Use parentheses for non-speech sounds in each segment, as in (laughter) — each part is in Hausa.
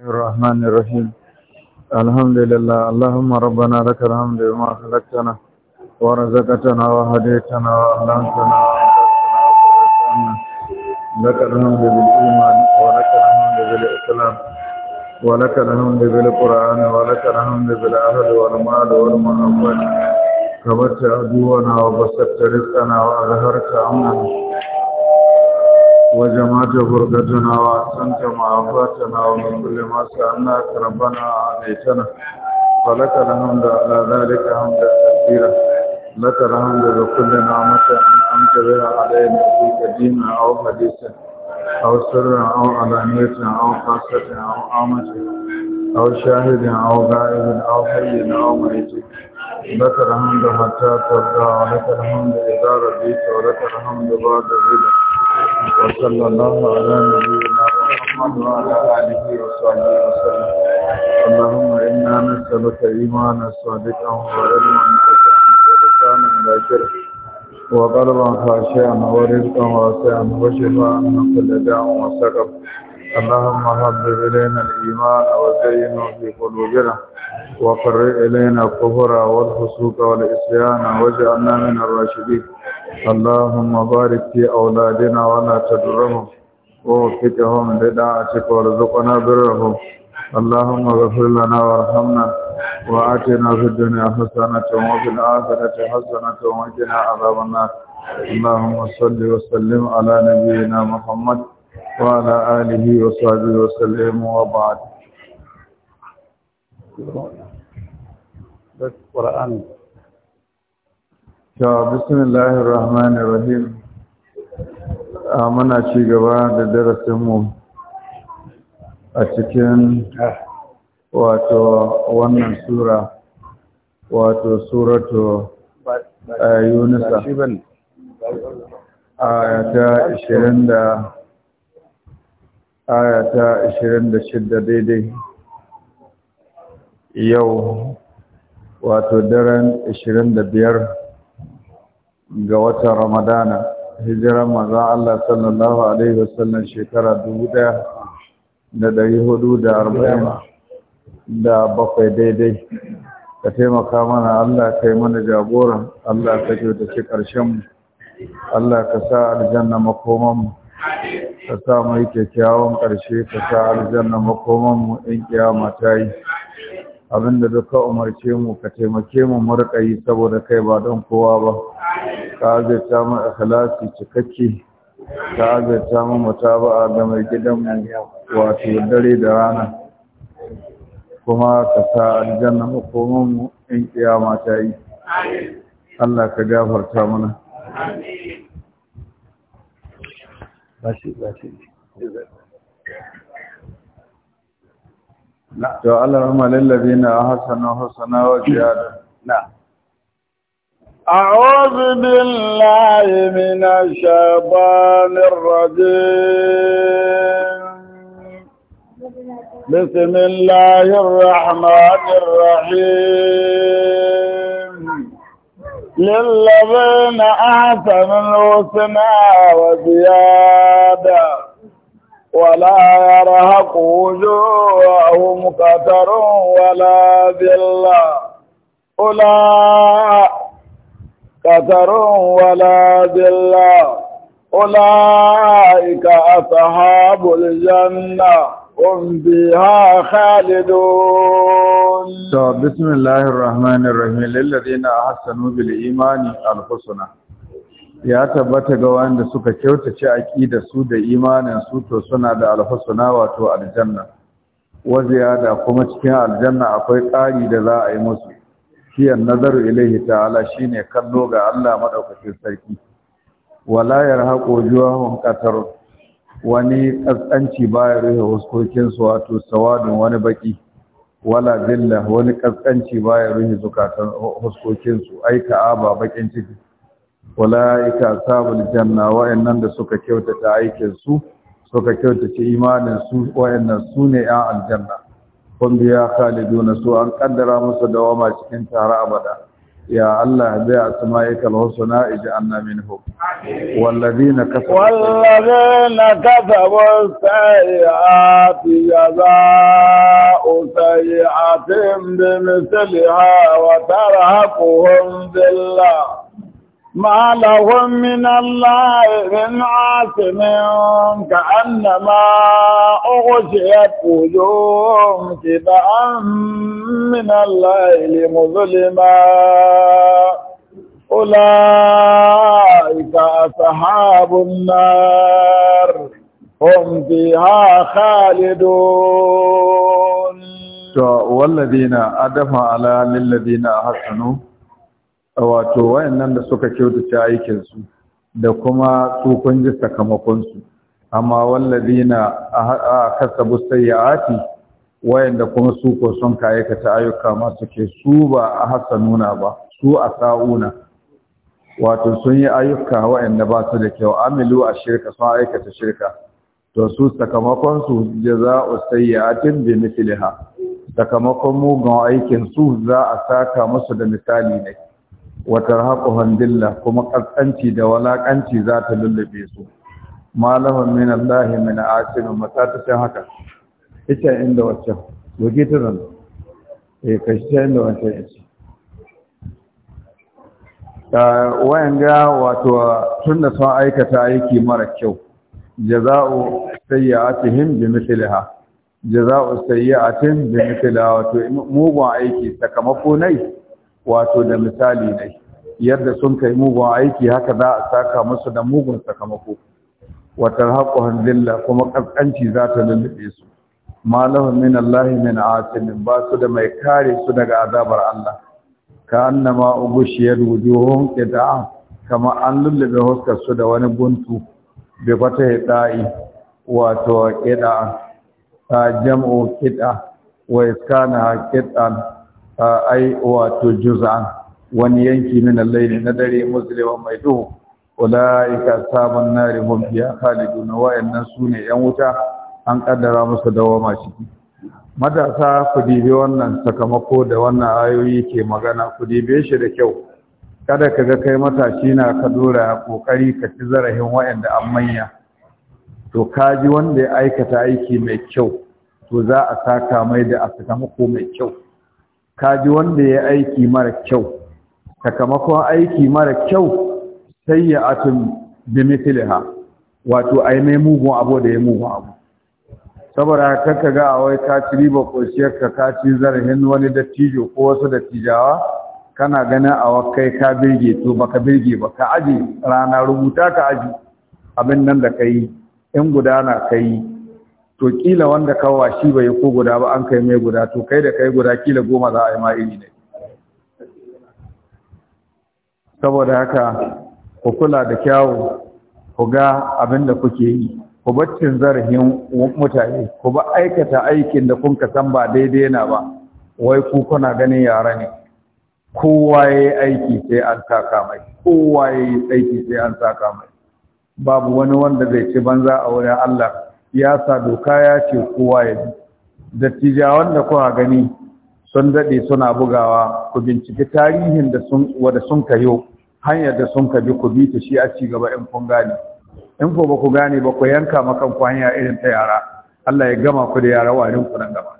الرحمن الرحيم الحمد لله اللهم ربنا لك الحمد بما خلقتنا ورزقتنا وهديتنا وأعلمتنا لك الحمد بالإيمان ولك الحمد بالإسلام ولك الحمد بالقرآن ولك الحمد بالأهل والمال والمحبة كبرت عدونا وبسطت رزقنا وأظهرت أمنا وجمعت فرقتنا وأحسنت معافاتنا ومن كل ما سألناك ربنا عليتنا فلك الحمد على ذلك حمدا كثيرا لك الحمد بكل نعمة أنعمت بها علينا في قديم أو حديث أو سر أو علانية أو خاصة أو عامة أو شاهد أو غائب أو حي أو ميت لك الحمد حتى ترضى ولك الحمد إذا رضيت ولك الحمد بعد رضا وصلى الله على نبينا محمد وعلى آله وصحبه وسلم اللهم إنا نسألك إيمانا صادقا وعلما ولسانا ذاكرا وقلبا خاشعا ورزقا واسعا وشفاء من كل داء وسقم اللهم حبب إلينا الإيمان وزينه في قلوبنا وقرر إلينا الكفر والفسوق والعصيان واجعلنا من الراشدين اللهم بارك في أولادنا ولا تدرهم ووفقهم لداعتك وارزقنا برهم اللهم اغفر لنا وارحمنا وآتنا في الدنيا حسنة وفي الآخرة حسنة وقنا عذاب النار اللهم صل وسلم على نبينا محمد وعلى آله وصحبه وسلم وبعد القرآن بسم الله الرحمن الرحيم muna ci gaba da darasinmu a cikin wannan sura wato suratu yunusa a ta aya ta 26 daidai yau wato daren 25 ga watan ramadana hijiran maza Allah sallallahu Alaihi wasallam shekara 1440 da bakwai daidai ka taimaka mana Allah ka yi mana jagoran Allah ka ce ƙarshen Allah ka sa aljanna makomanmu ka sa mai kyakkyawan ƙarshe ka sa aljanna makoman mu in kiyama ta yi abinda duka umarce mu ka taimake mu mu saboda kai ba don kowa ba ka azurta mu ikhlasi cikakke ka azurta mu mutaba'a ga mai gidan mu wato dare da rana kuma ka sa aljanna makoman mu in kiyama ta yi Allah ka gafarta mana amin ماشي ماشي نعم تو للذين احسنوا حسنا وزياده نعم أعوذ بالله من الشيطان الرجيم بسم الله الرحمن الرحيم للذين أحسنوا الحسنى وزيادة ولا يرهق وجوههم قتر ولا ذلة أولئك قتر ولا ذلة أولئك أصحاب الجنة هم بها خالدون بسم الله الرحمن الرحيم للذين أحسنوا بالإيمان الحسنى ya tabbata ga wanda suka kyautace aqida su da imanin su to suna da alhusna wato aljanna wa ziyada kuma cikin aljanna akwai ƙari da za a yi musu shi nazaru ilaihi ta'ala shine kallo ga Allah madaukakin sarki wala yarhaqu juwahum qatarun wani kaskanci baya rufe huskokin wato sawadin wani baƙi wala zilla wani kaskanci baya rufe zukatan huskokin aika ai ka'aba bakin ciki ulaika sabul janna wa'annan da suka kyautata aikin su suka kyautata imanin su wa'annan su ne a aljanna kun biya na su an kaddara musu dawama cikin tare abada يا الله بأسمائك الحسنى اجعلنا منهم والذين كسبوا والذين كسبوا السيئات جزاء سيئة بمثلها وترهقهم ذلة ما لهم من الله من عاصم كأنما أغشيت وجوههم تبعا من الليل مظلما أولئك أصحاب النار هم فيها خالدون والذين أدفع على للذين أحسنوا wato wayannan da suka kyautata aikinsu da kuma su kun ji sakamakonsu amma wallazina a kasabu sayyi'ati wayanda kuma su ko sun ka aikata ayyuka masu ke su ba a hasanuna ba su a sa'una wato sun yi ayyuka wayanda ba su da kyau amilu a shirka sun aikata shirka to su sakamakon su jaza'u sayyatin bi mithliha sakamakon mugun aikin su za a saka musu da misali ne wa tarhaquhum dillah kuma kaskanci da walakanci za ta lullube su malahum min Allah min asim mata ta san haka ita inda wacce waje ta zan eh kashi inda wacce ita wayan ga wato tun da sun aikata aiki mara kyau jaza'u sayyi'atihim bi mithliha jaza'u sayyi'atin bi mithliha wato mugun aiki sakamako nai wato da misali ne yadda sun kai mugun aiki haka za a saka musu da mugun sakamako wata haƙuhan hanzilla kuma ƙasƙanci za ta lullube su malahu min Allah min asimin ba su da mai kare su daga azabar Allah ka annama ugushiyar wujuhun ƙida'a. kama an lullube huskar su da wani guntu bi fata hidai wato ta jam'u qita wa iskana ƙida'a. ai wato juz'an wani yanki min al-layli na dare musliman mai duhu ulaika sabon nari hum fiha khalidun su sune yan wuta an kaddara musu dawama ciki matasa ku dibe wannan sakamako da wannan ayoyi ke magana ku dibe shi da kyau kada ka ga kai matashi na ka dora kokari ka ci zarahin wa'anda an manya to kaji wanda ya aikata aiki mai kyau to za a saka mai da a sakamako mai kyau ka ji wanda ya aiki mara kyau sakamakon aiki mara kyau sai ya atun bi wato ai mai mugun abu da ya mugun abu saboda kanka ga a wai ka ci riba ka ka ci zarafin wani dattijo ko wasu dattijawa kana ganin a wakai ka birge to baka birge ba ka aji rana rubuta ka aji abin nan da ka in gudana ka yi to kila wanda ka shi bai ko guda ba an kai mai guda to kai da kai guda kila goma za a yi mairi ne saboda haka ku kula da kyawu ku ga abin da kuke yi ku baccin zarafin mutane ku ba aikata aikin da kun ka san ba daidai yana ba wai ku kuna ganin yara ne kowa ya yi aiki sai an saka mai kowa ya yi aiki sai an saka mai babu wani wanda zai ci banza a wurin Allah siyasa doka ya ce kowa ya bi dattijawan da kuka gani sun daɗe suna bugawa ku binciki tarihin da sun wada sun kayo hanyar da sun kabi ku bi ta shi a ci gaba in kun gane in ko ba ku gane ba ku yanka makan ku hanya irin ta yara Allah ya gama ku da yara warin ku nan gaba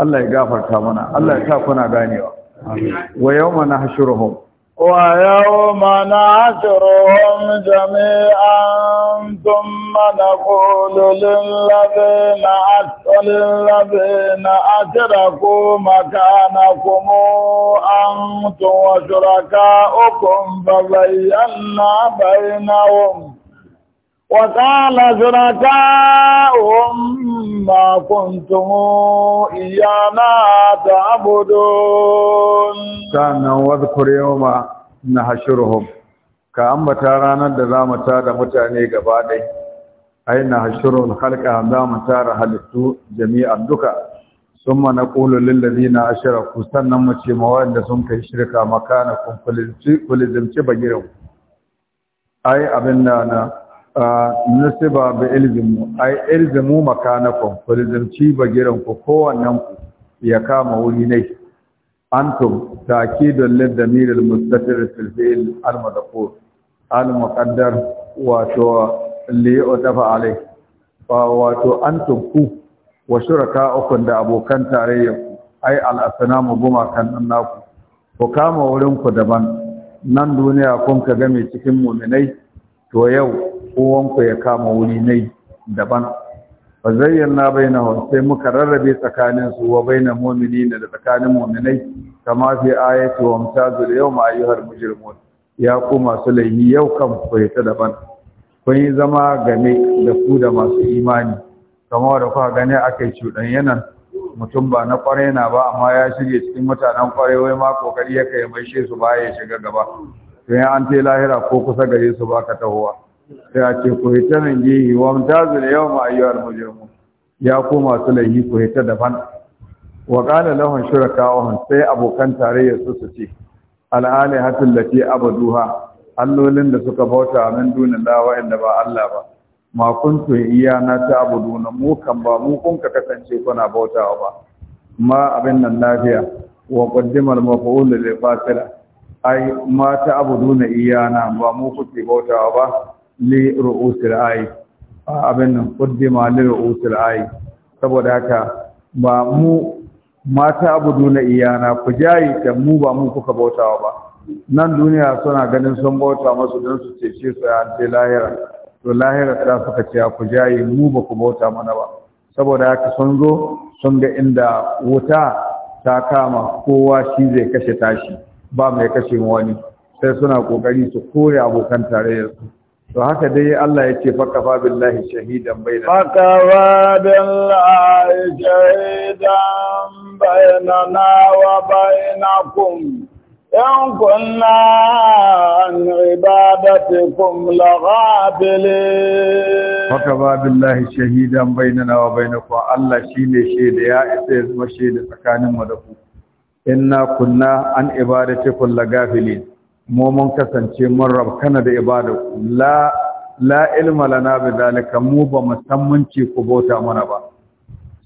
Allah ya gafarta mana Allah ya sa kuna ganewa wa yawma nahshuruhum ويوم نعثرهم جميعا ثم نقول للذين للذين أشركوا مكانكم أنتم وشركاؤكم فبينا بينهم وقال شركاؤهم ما كنتم إيانا تعبدون كان واذكر يوم نحشرهم كأما تارانا دزام تارا متعني قبادي أي نحشر الخلق أمام تارا هلتو جميع الدكا ثم نقول للذين أشركوا سنة مشي مواد سنك شركا مكانكم كل بجيرهم أي أبننا nasiba bi ilzimu ai ilzimu makanakum ku lizimci bagiran ku kowannen ku ya kama wuri ne antum ta'kidul lil damir al mustatir fil fi'l al madqur al muqaddar wato li utafa alai wato antum ku wa shuraka'ukum da abokan tarayyar ku ai al asnamu gumakan nan naku ku kama wurin ku daban nan duniya kun ka game cikin mu'minai to yau kowanku ya kama wuri ne daban fa zayyana bainahum sai muka rarrabe tsakanin su wa bainal mu'minina da tsakanin mu'minai kama fi ayatu wa mutazil yawma ayyuhal mujrimun ya ku masu laifi yau kan ku daban kun yi zama game da ku da masu imani kama da kuka gani akai cuɗan yana mutum ba na kwarai na ba amma ya shirya cikin mutanen kwarai wai ma kokari ya kai mai su ba ya shiga gaba to an te lahira ko kusa gare su baka tahowa ya ce ku hita min jihi. wa mutazu da yawan ma'ayyar mujirmu ya ku masu laihi ku hita daban wa ƙala lahun shuraka wahun sai abokan tare su su ce al'ali hatin lati abaduha allolin da suka bauta min dunin lawa inda ba Allah ba ma iya iyana ta abuduna mu kan ba mu kun ka kasance kuna bautawa ba ma abin nan lafiya wa qaddima al-maf'ul lil fasila ai ma ta abuduna iyana ba mu kuke bautawa ba li ru'usil a abin nan qaddima li ru'usil ayi saboda haka ba mu mata na iyana ku jayi ta mu ba mu kuka bautawa ba nan duniya suna ganin sun bauta masu don su ce su an ce lahira to lahira ta suka ce ku jayi mu ba ku bauta mana ba saboda haka sun zo sun ga inda wuta ta kama kowa shi zai kashe tashi ba mai kashe wani sai suna kokari su kore abokan tarayyar su to haka dai Allah ya ce fakafa billahi shahidan bainana fakafa billahi shahidan bainana wa bainakum in kunna an ibadatikum laghabili fakafa billahi shahidan bainana wa bainakum Allah shine shaida ya isa ya zama shaida tsakanin mu da ku inna kunna an ibadatikum laghabili mu mun kasance mun rabkana da ibada la la ilma lana bi zalika mu ba mu san mun ce ku bauta mana ba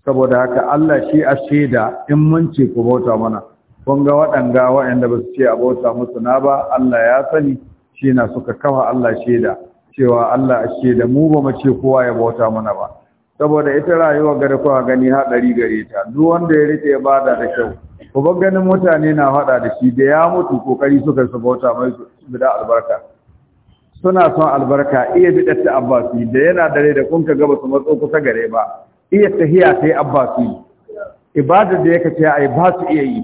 saboda haka Allah shi a shaida in mun ce ku bauta mana kun ga waɗanda waɗanda ba su ce a bauta musu na ba Allah ya sani shi na suka kafa Allah shaida cewa Allah a mu ba mu ce kowa ya bauta mana ba saboda ita rayuwa gare kowa gani haɗari gare ta duk wanda ya rike ibada da kyau ku ganin mutane na faɗa da shi da ya mutu kokari suka su bauta mai bida albarka suna son albarka iya bidar ta abbasi da yana dare da kun gaba su matso kusa gare ba iya tahiya sai abbasi ibadar da yake ce ai ba su iya yi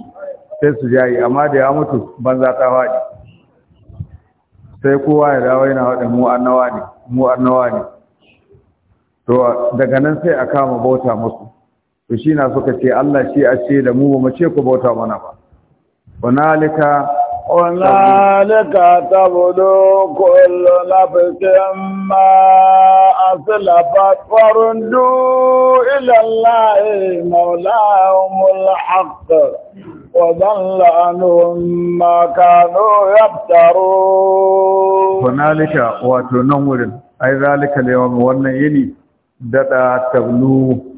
sai su jayi amma da ya mutu banza ta faɗi sai kowa ya dawo yana faɗa mu annawa ne mu annawa ne to daga nan sai a kama bauta musu to shi na suka ce Allah shi a ce da mu ba mace ku bauta mana ba hunalika hunalika ta budu kullu na fikin ma a silafat farin du ilallahi maula'umul haqqa wa zalla anuhun ma kano yaftaru hunalika wato nan wurin ai zalika lewa wannan yini dada tabnu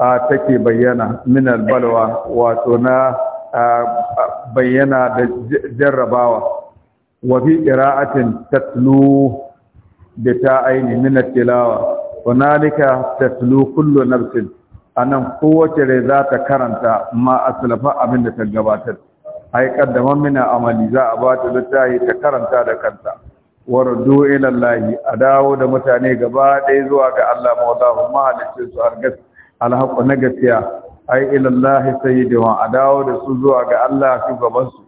A take bayyana min albalwa wato na bayyana da jarrabawa wa fi qira'atin tatlu bi ta'aini min at-tilawa hunalika tatlu kullu nafsin anan kowace rai za ta karanta ma aslafa abin da ta gabatar ai kaddaman min amali za a bata ta littafi ta karanta da kanta wardu ila Allah a dawo da mutane gaba ɗaya zuwa ga Allah mawallahu mahalicin su har alhaqu na gaskiya ai ilallahi Allah sayyiduhum a dawo da su zuwa ga Allah shugaban su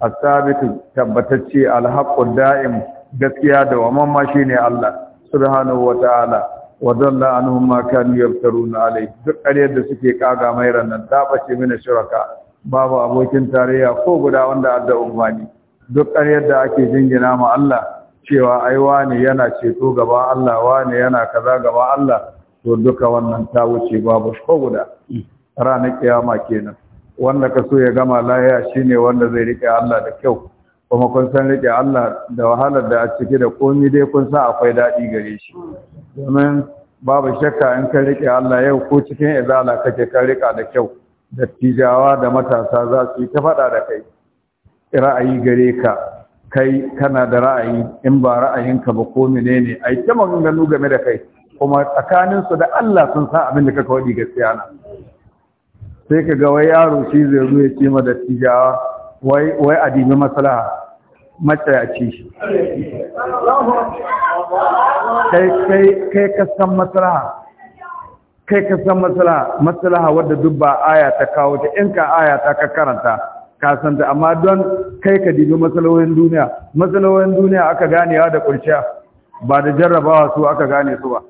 asabitu tabbatacce alhaqu da'im gaskiya da waman shi ne Allah subhanahu wataala wa dalla anhum ma kanu yaftaruna alai duk ƙaryar da suke kaga mai nan, ta bace mina shiraka. babu abokin tarayya ko guda wanda adda ummani duk ƙaryar da ake jingina ma Allah cewa ai wani yana ceto gaba Allah wani yana kaza gaba Allah to duka wannan ta wuce babu ko guda ranar kiyama kenan wanda ka so ya gama lahiya shine wanda zai rike Allah da kyau kuma kun san rike Allah da wahalar da a cike da komi dai kun san akwai daɗi gare shi domin babu shakka in ka rike Allah yau ko cikin izala kake ka rika da kyau dattijawa da matasa za su yi ta faɗa da kai ra'ayi gare ka kai kana da ra'ayi in ba ra'ayinka ba ko menene ai ta maganganu game da kai kuma tsakaninsu da Allah sun san abin da kaka waɗi gaskiya na sai ka ga wai yaro shi zai zo ya ce ma da tijawa wai wai adibi maslaha matsayaci shi kai kai kai ka san maslaha kai ka san maslaha maslaha wadda dubba aya ta kawo ta in ka aya ta ka karanta kasanta amma don kai ka dibi matsalolin duniya matsalolin duniya aka ganewa da kurciya ba da jarrabawa su aka gane su ba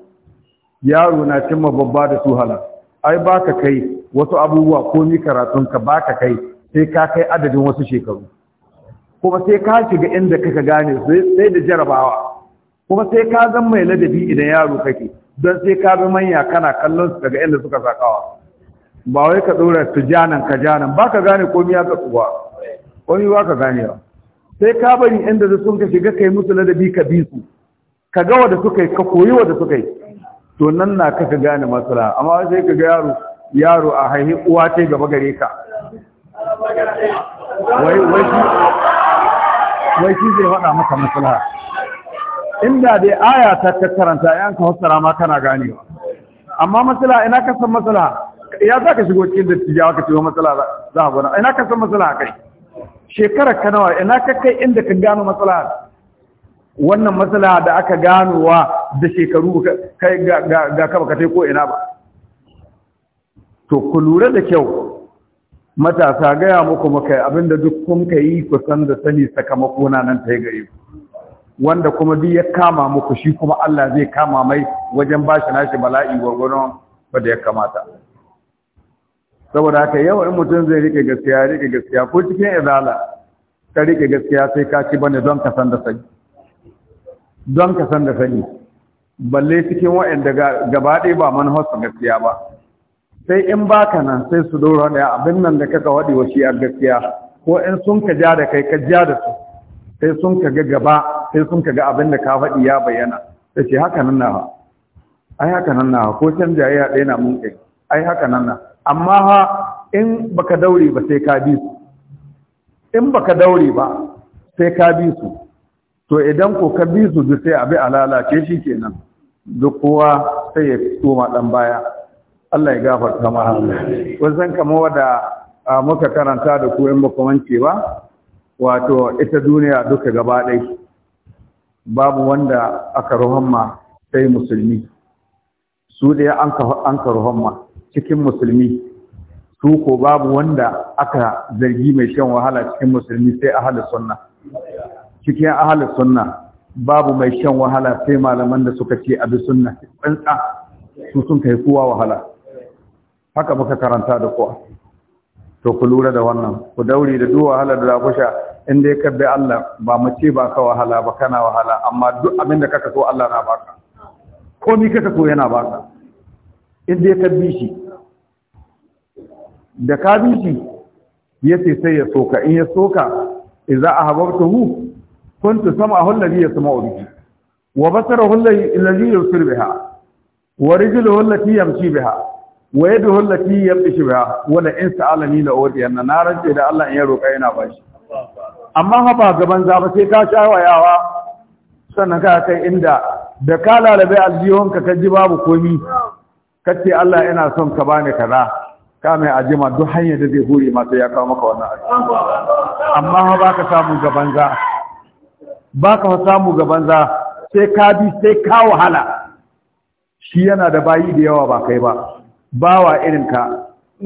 yaro na cimma babba da suhala ai baka kai wasu abubuwa ko ni karatun ka baka kai sai ka kai adadin wasu shekaru kuma sai ka shiga inda kaka gane sai da jarabawa kuma sai ka zan mai ladabi idan yaro kake don sai ka bi manya kana kallon su daga inda suka sakawa ba wai ka dora su janan ka janan ba ka gane komi ya ka tsuwa komi ba ka gane ba sai ka bari inda sun ka shiga kai musu ladabi ka bi su ka ga wanda suka yi ka koyi wanda suka yi to nan na kaka gane matsala amma sai ka ga yaro yaro a haihi uwa ce gaba gare ka wai wai wai shi zai faɗa maka matsala inda dai aya ta ta karanta yan ka fassara ma kana ganewa amma matsala ina ka san matsala ya za ka shigo cikin dattijawa ka shigo matsala za a gona ina ka san matsala kai shekarar ka nawa ina ka kai inda ka gano matsala wannan matsala da aka ganowa da shekaru kai ga kaba ka ko ina ba to ku lura da kyau matasa gaya muku maka abinda duk kun ka yi kusan da sani sakamako na nan ta yi ku wanda kuma biyu ya kama muku shi kuma Allah zai kama mai wajen bashi nashi bala'i gwargwaron wadda ya kamata saboda haka yau in mutum zai rike gaskiya rike gaskiya ko cikin izala ka rike gaskiya sai ka ci bane don ka san da sani don ka san da sani balle cikin waɗanda gaba ɗaya ba manufarsa gaskiya ba sai in baka nan sai su dora da abin nan da kaka waɗi wa shi a gaskiya ko in sun ka ja da kai ka ja da su sai sun ka ga gaba sai sun ka ga abin da ka faɗi ya bayyana sai ce haka nan na ai haka nan na ko can jayayya ɗaya na mun kai ai haka nan na amma ha in baka daure ba sai ka bi su in baka daure ba sai ka bi su to idan ko ka bi su duk sai abi alalace shi kenan duk kowa sai ya koma dan baya Allah ya gafarta ma kun san kamar wada muka karanta da ku in ba ba wato ita duniya duka gaba dai babu wanda aka ruhamma sai musulmi su ɗaya an ka ruhamma cikin musulmi su ko babu wanda aka zargi mai shan wahala cikin musulmi sai ahlus sunna cikin ahalar sunna babu mai shan wahala sai malaman da suka ce Suna sunna tsantsa su sun kai kowa wahala haka muka karanta da kowa to ku lura da wannan ku dauri da duk wahala da ku sha in dai ka Allah ba mace ba ka wahala ba kana wahala amma duk abin da kaka so Allah na baka komi kaka so yana baka in dai ka bi shi da ka bi shi ya sai ya soka in ya soka idza ahabartuhu kuntu sam'ahu alladhi yasma'u bihi wa basarahu alladhi yubsir biha wa rijluhu allati yamshi biha wa yaduhu allati yabtishu biha wa la in sa'alani na da Allah in ya roƙa yana bashi amma ha ba gaban za ba sai ka shawayawa sannan ka kai inda da ka lalabe aljihon ka kaji babu komi kace Allah yana son ka bani kaza ka mai ajima duk hanyar da zai hure ma sai ya kawo maka wannan amma ha ba ka samu gaban za ba ka samu ga banza sai ka bi sai ka wahala shi yana da bayi da yawa ba kai ba bawa irin ka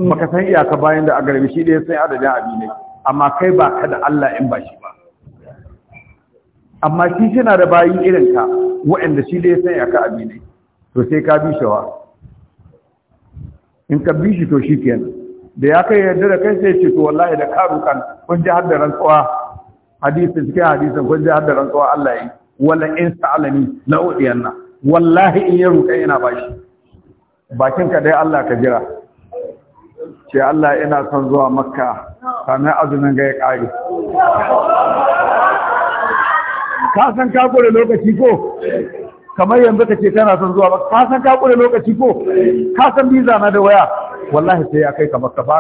baka san iyaka bayan da agarbi shi ɗaya sai adadin abi ne amma kai ba ka da Allah in ba shi ba amma shi yana da bayi irin ka waɗanda shi ɗaya sai iyaka abi ne to sai ka bi shawa in ka bi shi to shi kenan da ya kai yarda da kai sai ce to wallahi da karukan kun ji har da rantsuwa hadisi cikin hadisin kun ji hadda rantsuwa Allah yi wala in sa'alani la udiyanna wallahi in ya roƙa ina bashi bakin ka dai Allah ka jira ce Allah ina son zuwa makka sannan azumin ga ya ƙari ka san ka kure lokaci ko kamar yanzu ka ce kana son zuwa makka ka san ka kure lokaci ko ka san biza na da waya wallahi sai ya kai ka makka ba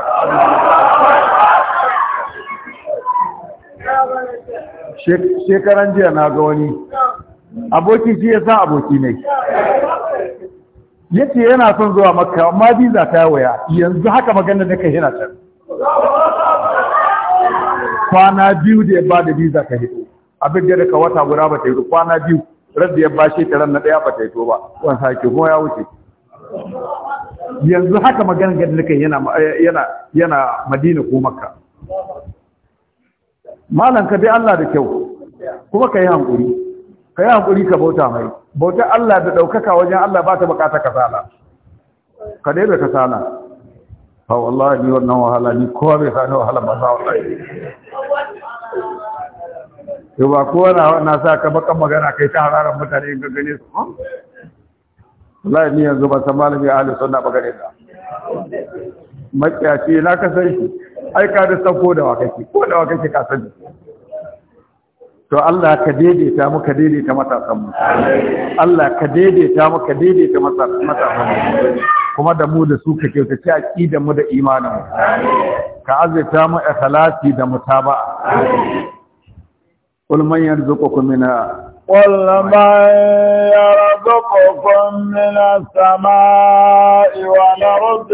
shekaran jiya na ga wani aboki shi ya sa aboki ne ya ce yana son zuwa makka amma biza ta waya yanzu haka magana da ka hina can kwana biyu da ya ba da biza ka hito abin da daga wata guda ba ta yi kwana biyu da ya ba shekaran na daya ba ta hito ba wani sake kuma ya wuce yanzu haka magana da ka yana yana madina ko makka malam ka bi Allah da kyau kuma ka yi hankuri ka yi hankuri ka bauta mai bauta Allah da ɗaukaka wajen Allah ba ta bukata kasala ka daina kasala fa wallahi ni wannan wahala ni kowa bai sani wahala ba sa wallahi yau ba ko na sa ka baka magana kai ta hararan mutane in gane su wallahi ni yanzu ba san malami ahli sunna ba gane ka makiyaci na kasance ai ka da sako ko da wa ko da wa ka sani to Allah ka daidaita mu ka daidaita matasan mu Allah ka daidaita mu ka daidaita matasan mu kuma da mu da su ka ci aqida mu da imanin mu ka azaita mu ikhlasi da mutaba'a qul man yarzuqukum min قل من يرزقكم من السماء والأرض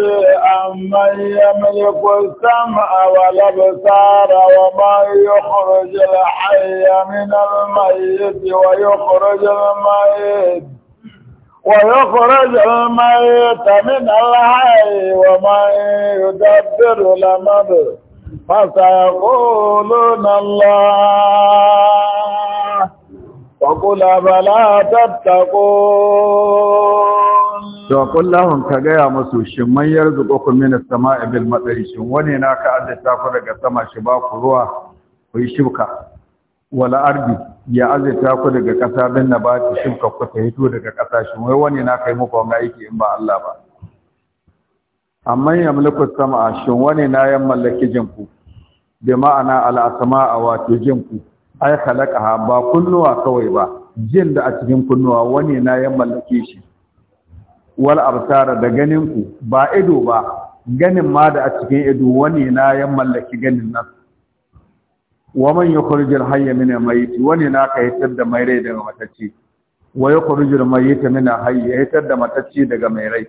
أم من يملك السمع والأبصار ومن يخرج الحي من الميت ويخرج الميت ويخرج الميت من الحي ومن يدبر الأمر فسيقولون الله فقل بلا تتقون to kullahun ka gaya masu shin man yarzuquku minista as matsayi. shin wani na ka azzata ku daga sama shi ba ku ruwa ku yi shuka wala arbi ya azzata ku daga kasa bin nabati shuka ku ta hito daga kasa shin wai wani na kai muku wanga aiki in ba Allah ba amma yamliku as sama shin wani na yan mallaki jinku bi ma'ana a asmaa wato jinku ai khalaqaha ba kunnuwa kawai ba jin da a cikin kunnuwa wani na ya mallake shi wal absara da ganin ku ba ido ba ganin ma da a cikin ido wani na ya mallaki ganin nan wa man yukhrijul hayya min al-mayyit wani na ka hitar da mai rai daga matacce wa yukhrijul mayyita min al-hayy hitar da matacce daga mai rai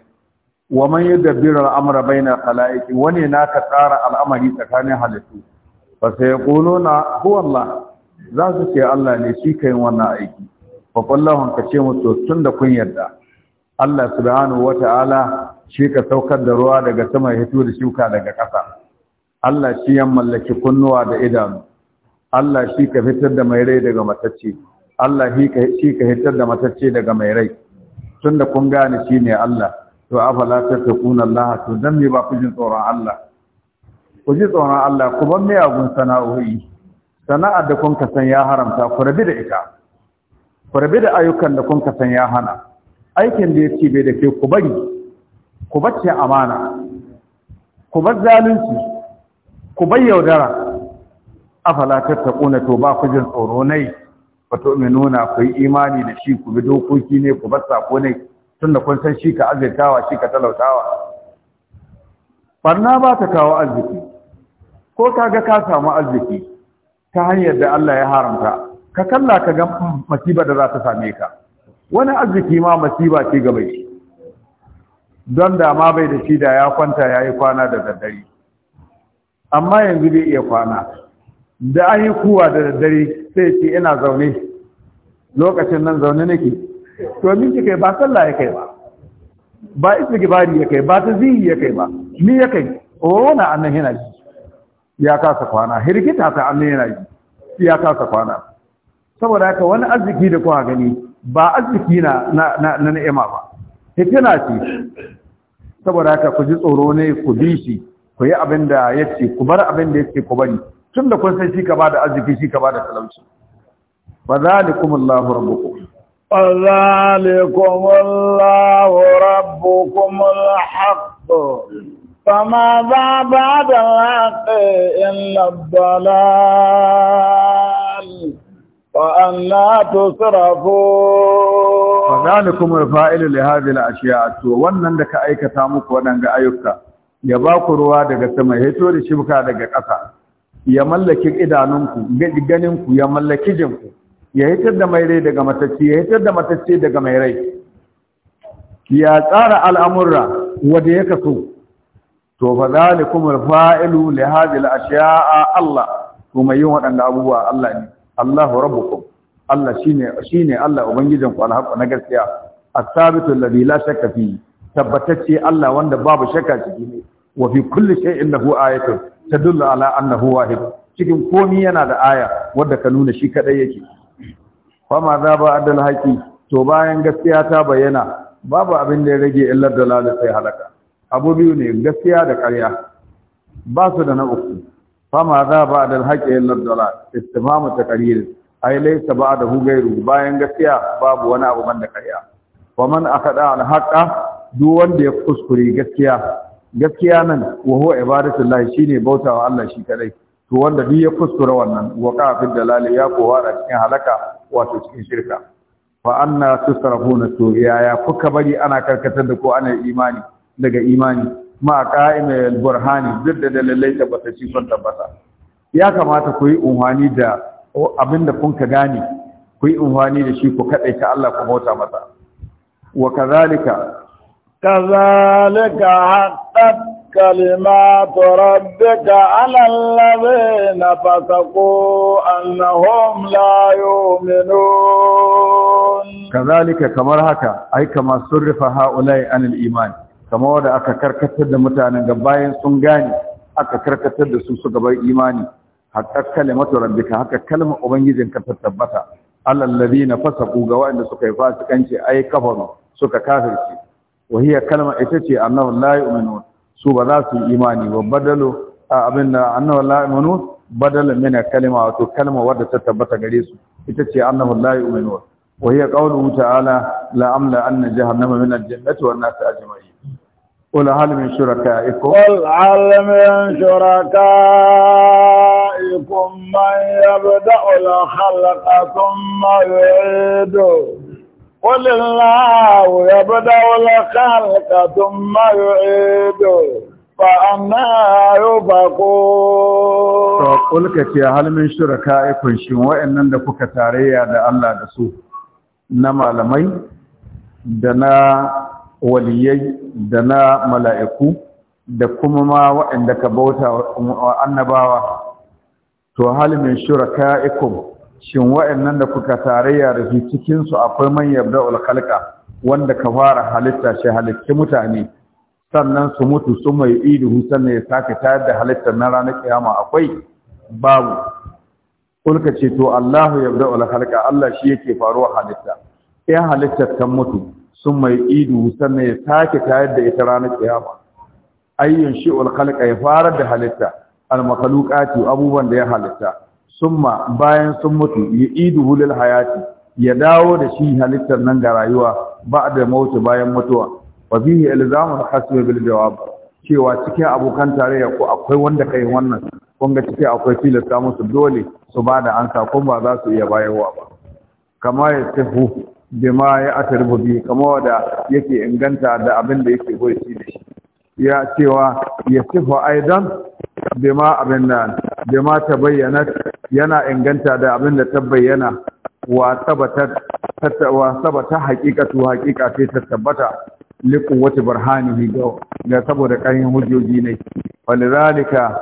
wa man yudabbiru al-amra bayna khalaiqi wani na ka tsara al'amari tsakanin halittu fa sayquluna huwa Allah za su ce Allah ne shi yin wannan aiki fa kullahun ka ce mutu tun da kun yarda Allah subhanahu ta'ala shi ka saukar da ruwa daga sama ya hito da shuka daga ƙasa Allah shi yan mallaki kunnuwa da idanu Allah shi ka fitar da mai rai daga matacce Allah shi ka hitar da matacce daga mai rai tun da kun gane shi ne Allah to a ta kuna Allah to dan me ba ku jin tsoron Allah ku ji tsoron Allah ku ban miyagun sana'o'i sana'ar da kun san ya haramta ku rabi da ita ku rabi da ayyukan da kun san ya hana aikin da ya ci bai da ke ku bari ku bacce amana ku bar zalunci ku bar yaudara afala tattaquna to ba ku jin tsoro nai mai nuna ku yi imani da shi ku bi dokoki ne ku bar sako ne tunda kun san shi ka azirtawa shi ka talautawa barna ba ta kawo arziki ko kaga ka samu arziki ta hanyar da Allah ya haramta ka kalla ka ga masiba da za ta same ka wani arziki ma masiba ce gaba shi don da ma bai da shi da ya kwanta ya yi kwana da daddare amma yanzu bai iya kwana da an yi kuwa da daddare sai ce ina zaune lokacin nan zaune nake to min kai ba sallah ya kai ba ba gibari ya kai ba ta zihi ya kai ba ni ya kai o oh, wannan annan yana ya kasa kwana hirgita ta Allah yana yi ya kasa kwana saboda haka wani arziki da kuka gani ba arziki na na n'a'ima ba hikina ce saboda haka ku ji tsoro ne ku bi shi ku yi abin da yace ku bar abin da yace ku bari tun da kun san shi ka bada arziki shi ka bada talauci fa zalikumullahu rabbukum فذلكم الله ربكم الحق فماذا بعد الحق إلا الضلال وأن لا تصرفوا فذلكم الفائل لهذه الأشياء wannan da ka aikata muku waɗanda ayyuka ya ba ku ruwa daga sama ya hito da shibka daga ƙasa ya mallaki idanunku ganinku ya mallaki jinku ya hitar da mai rai daga matacce ya hitar da matacce daga mai rai ya tsara al'amurra wanda ya kaso to fa zalikumul fa'ilu li hadhihi al-ashya'a Allah kuma yin waɗanda abubuwa Allah ne Allahu rabbukum Allah shine shine Allah ubangijin ku alhaqu na gaskiya as-sabitu alladhi la shakka fi tabbatacce Allah wanda babu shakka ciki ne wa fi kulli shay'in lahu ayatun tadullu ala annahu wahid cikin komi yana da aya wadda ka nuna shi kadai yake fama za ba adal to bayan gaskiya ta bayyana babu abin da ya rage illa dalala sai halaka abu biyu ne gaskiya da ƙarya ba su da na uku fama za ba da haƙe illa dala ta taqrir ai laisa ba da hugairu. bayan gaskiya babu wani abu ban da ƙarya wa man akada al haqa duk wanda ya kuskure gaskiya gaskiya nan wa huwa ibadatullahi shine bautawa Allah shi kadai to wanda duk ya kuskura wannan wa ka dalali ya kowa a cikin halaka wato cikin shirka fa anna tusrafuna to ya ya kuka bari ana karkatar da ko ana imani daga imani ma qa'imul burhani duk da dalilai tabbatacci sun tabbata ya kamata ku yi unhwani da abinda kun ka gane ku yi unhwani da shi ku ka Allah ku bauta masa wa kazalika kazalika hatta كلمات ربك على الذين فسقوا أنهم لا يؤمنون كذلك كما رهك أي كما صرف هؤلاء عن الإيمان kamar wanda aka karkatar da mutanen ga bayan sun gane aka karkatar da su su gabar imani haqqat kalimatu rabbika haka kalmar ubangijin ka tabbata alal na fasa ga wanda suka yi fasikanci ai kafaru suka kafirci wa hiya kalma ita ce annahu la yu'minun su ba za su yi imani ba badalu abinda annahu la yu'minun badalan min kalma wato kalma wadda ta tabbata gare su ita ce annahu la yu'minun wa hiya qawluhu ta'ala la amla anna jahannama min al-jannati wan nas ajma'in قل هل من شركائكم قل هل من شركائكم من يبدأ الخلق ثم يعيده قل الله يبدأ الخلق ثم يعيده fa'amma yau bako. To, ƙulka ce halmin shirka ikon shi wa'yannan da kuka tarayya da Allah da su, na malamai da na waliyai da na mala'iku da kuma ma waɗanda ka bauta wa annabawa to halimin iku shin waɗannan da kuka tarayya da su cikinsu akwai man yabda ulkalka wanda ka fara halitta shi halitti mutane sannan su mutu su mai idu sannan ya sake tayar da halittar na ranar kiyama akwai babu kulka ce to Allahu yabda ulkhalqa Allah shi yake faruwa halitta Yan halittar kan mutu sun mai idu sannan ya sake tayar da ita ranar kiyama ayyun shi'ul khalqa ya fara da halitta al makhluqati abubuwan da ya halitta summa bayan sun mutu ya idu hulil hayati ya dawo da shi halittar nan ga rayuwa ba'da mautu bayan mutuwa wa bihi ilzamul hasbi bil jawab cewa cikin abokan tarayya ko akwai wanda kai wannan kun ga cikin akwai filasta musu dole su bada ansa kuma ba za su iya bayarwa ba Kamar ya hu. bima ya atarbu bi kama da yake inganta da abin da yake goyi da shi ya cewa ya sifa aidan bima abin nan bima ta bayyana yana inganta da abin da ta bayyana wa tabbata wa tabbata haqiqatu haqiqa ce ta tabbata liquwwati burhanihi ga saboda kayan hujjoji ne walidhalika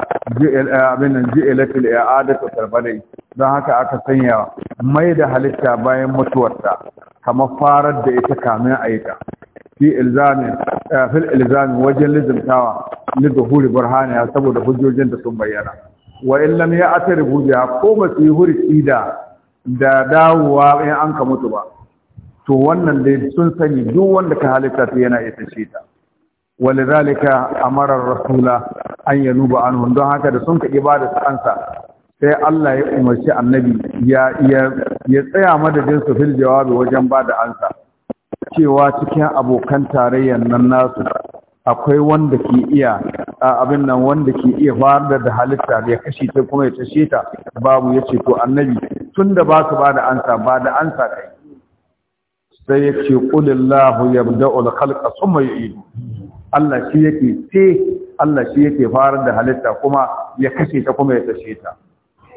abin nan ji'ilat al-i'adatu karbadai don haka aka sanya mai da halitta bayan mutuwarta kamar farar da ita kamin aika fi ilzamin fil ilzamin wajen lizimtawa lizuhuri burhaniha saboda hujjojin da sun bayyana wa in ya atar hujja ko ba su yi hurci da da dawowa in an ka mutu ba to wannan dai sun sani duk wanda ka halitta ta yana ita ce ta walidhalika amara rasula an nuba anhu don haka da sun ka ibada ta ansa, sai Allah ya umarci annabi ya tsaya madadin su fil jawabi wajen ba da ansa cewa cikin abokan tarayyar nan nasu akwai wanda ke iya A abin nan wanda ke iya fara da halitta da ya kashe ta kuma ya tashe ta babu ya ce to annabi tun da ba su ba da ansa ba da ansa kai sai ya ce ƙulillahu ya da ulkalka sun mai ido Allah shi yake ce Allah shi yake farar da halitta kuma ya kashe ta kuma ya tashe ta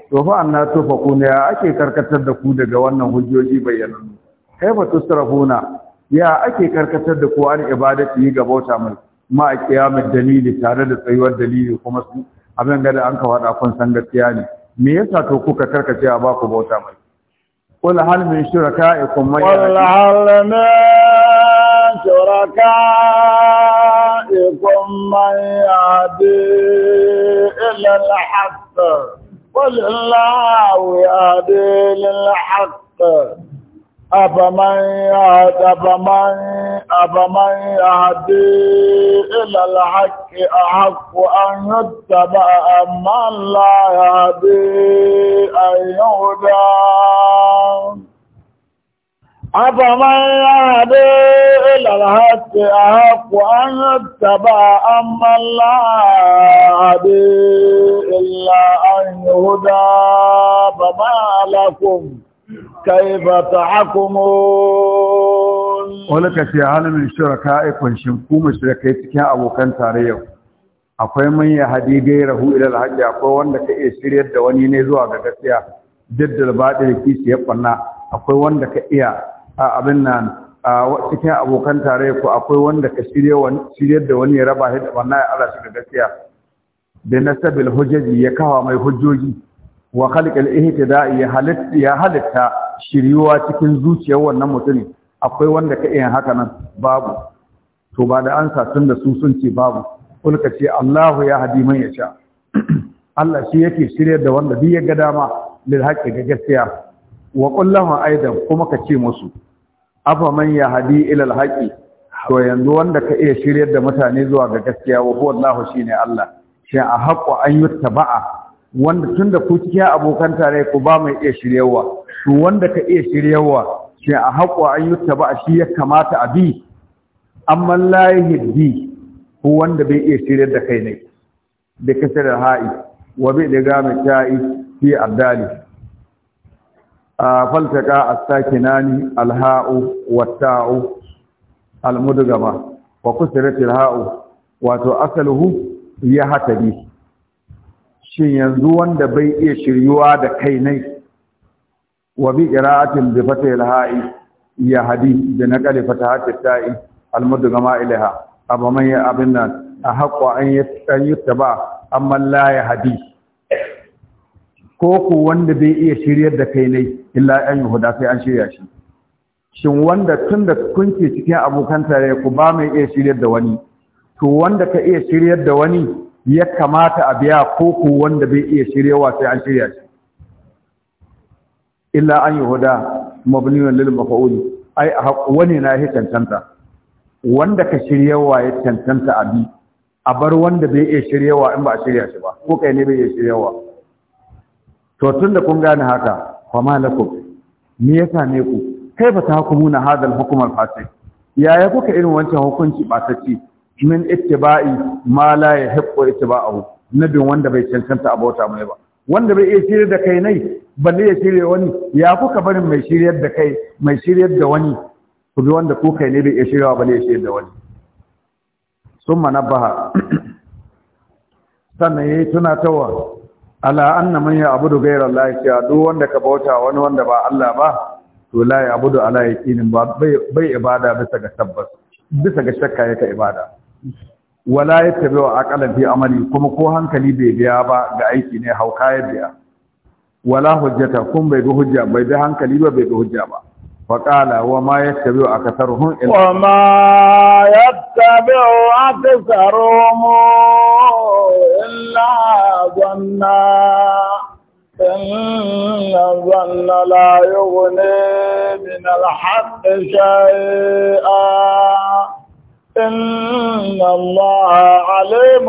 to fa anna na tofa kuna ya ake karkatar da ku daga wannan hujjoji bayyanannu kai ba tusrafuna ya ake karkatar da ku an ibadati ga bauta mai ma a kiyamar dalili tare da tsayuwar dalili kuma su abin gada an ka faɗa kun san gaskiya ne me yasa to kuka karkace ba ku bauta mai قل هل من شركائكم من قل هل من شركائكم من يهدي إلى الحق قل الله يهدي للحق أفمن يهد أفمن أفمن يهدي إلى الحق أحق أن يتبع أمن لا يهدي أن يهدى أفمن يهدي إلى الحق أحق أن يتبع أمن لا يهدي إلا أن يهدى فما لكم كيف تحكمون ولك في عالم شركائكم شنكو مشركي cikin abokan tarayyar akwai man ya hadi rahu ila alhaji akwai wanda ka iya shiryar da wani ne zuwa ga gaskiya jaddal da kisi ya kwanna akwai wanda ka iya a abin nan cikin abokan tarayyar ku akwai wanda ka shiryar da wani ya raba shi da wannan ya ala shi ga gaskiya da nasabil hujjaji ya kawa mai hujjoji wa khalqal ihtida'i ya halitta shiryuwa cikin zuciyar wannan mutumin akwai wanda ka iya haka nan babu to ba da ansa tun da su sun ce babu ka ce Allahu ya hadi man ya sha (clears throat) Allah shi yake shiryar da wanda duk ya ga dama lil haqqi ga gaskiya wa qul lahum aidan kuma ka ce musu afa man ya hadi ila al haqqi to yanzu wanda ka iya shiryar da mutane zuwa ga gaskiya wa huwa Allah shine Allah Shin a haqqo an yuttaba'a wanda tun da ku cikin abokan tare ku ba mai iya shiryawa to wanda ka iya shiryawa shi a haƙwa an yutta ba shi ya kamata a bi amma la yahdi ko wanda bai iya shiryar da kai ne da kasar ha'i wa bai da gama ta'i fi abdali a faltaka a sake nani Alha'u wa tau almudu wa kusirat al wato asaluhu ya hatabi shin yanzu wanda bai iya shiryuwa da kai nai wa bi qira'atin bi fatihil ha'i ya hadi da naqali fatahat ta'i gama ilaha amma man ya abinna ahaqqa an an yuttaba amma la ya hadi ko ku wanda bai iya shiryar da kai nai illa an yuhuda sai an shirya shi shin wanda tun da ke cikin abokan tare ku ba mai iya shiryar da wani to wanda ka iya shiryar da wani ya kamata a biya koko wanda bai iya shiryawa sai an shirya shi illa an yuhuda mabniyan lil maf'ul ai a wani na yi cancanta wanda ka shiryawa ya cancanta bi, a bar wanda bai iya shiryawa in ba a shirya shi ba ko kai ne bai iya shiryawa to tun da kun gane haka fa malakum me yasa ne ku kai ba ta hukumuna hadal hukumar fasik yaya kuka irin wancan hukunci ba ta ci min ittiba'i ma la yahiqqu ittiba'ahu nabin wanda bai cancanta abota mai ba wanda bai iya shirye da kai nai balle ya shirye wani ya kuka barin mai shiryar da kai mai shiryar da wani ku bi wanda ku kai ne bai iya shiryawa balle ya shirye da wani summa nabaha sannan ya yi tawa ala anna man ya abudu allahi lafiya duk wanda ka bauta wani wanda ba Allah ba to la ya abudu ala yaqinin ba bai ibada bisa ga tabbas bisa ga shakka yake ibada wala ya tabi wa aqalan fi amali kuma ko hankali bai biya ba ga aiki ne hauka ya biya wala hujjata kun bai bi hujja bai bi hankali ba bai bi hujja ba فقال وما يتبع أكثرهم إلا وما يتبع أكثرهم illa ظنا إن الظن لا يغني من الحق شيئا إن الله عليم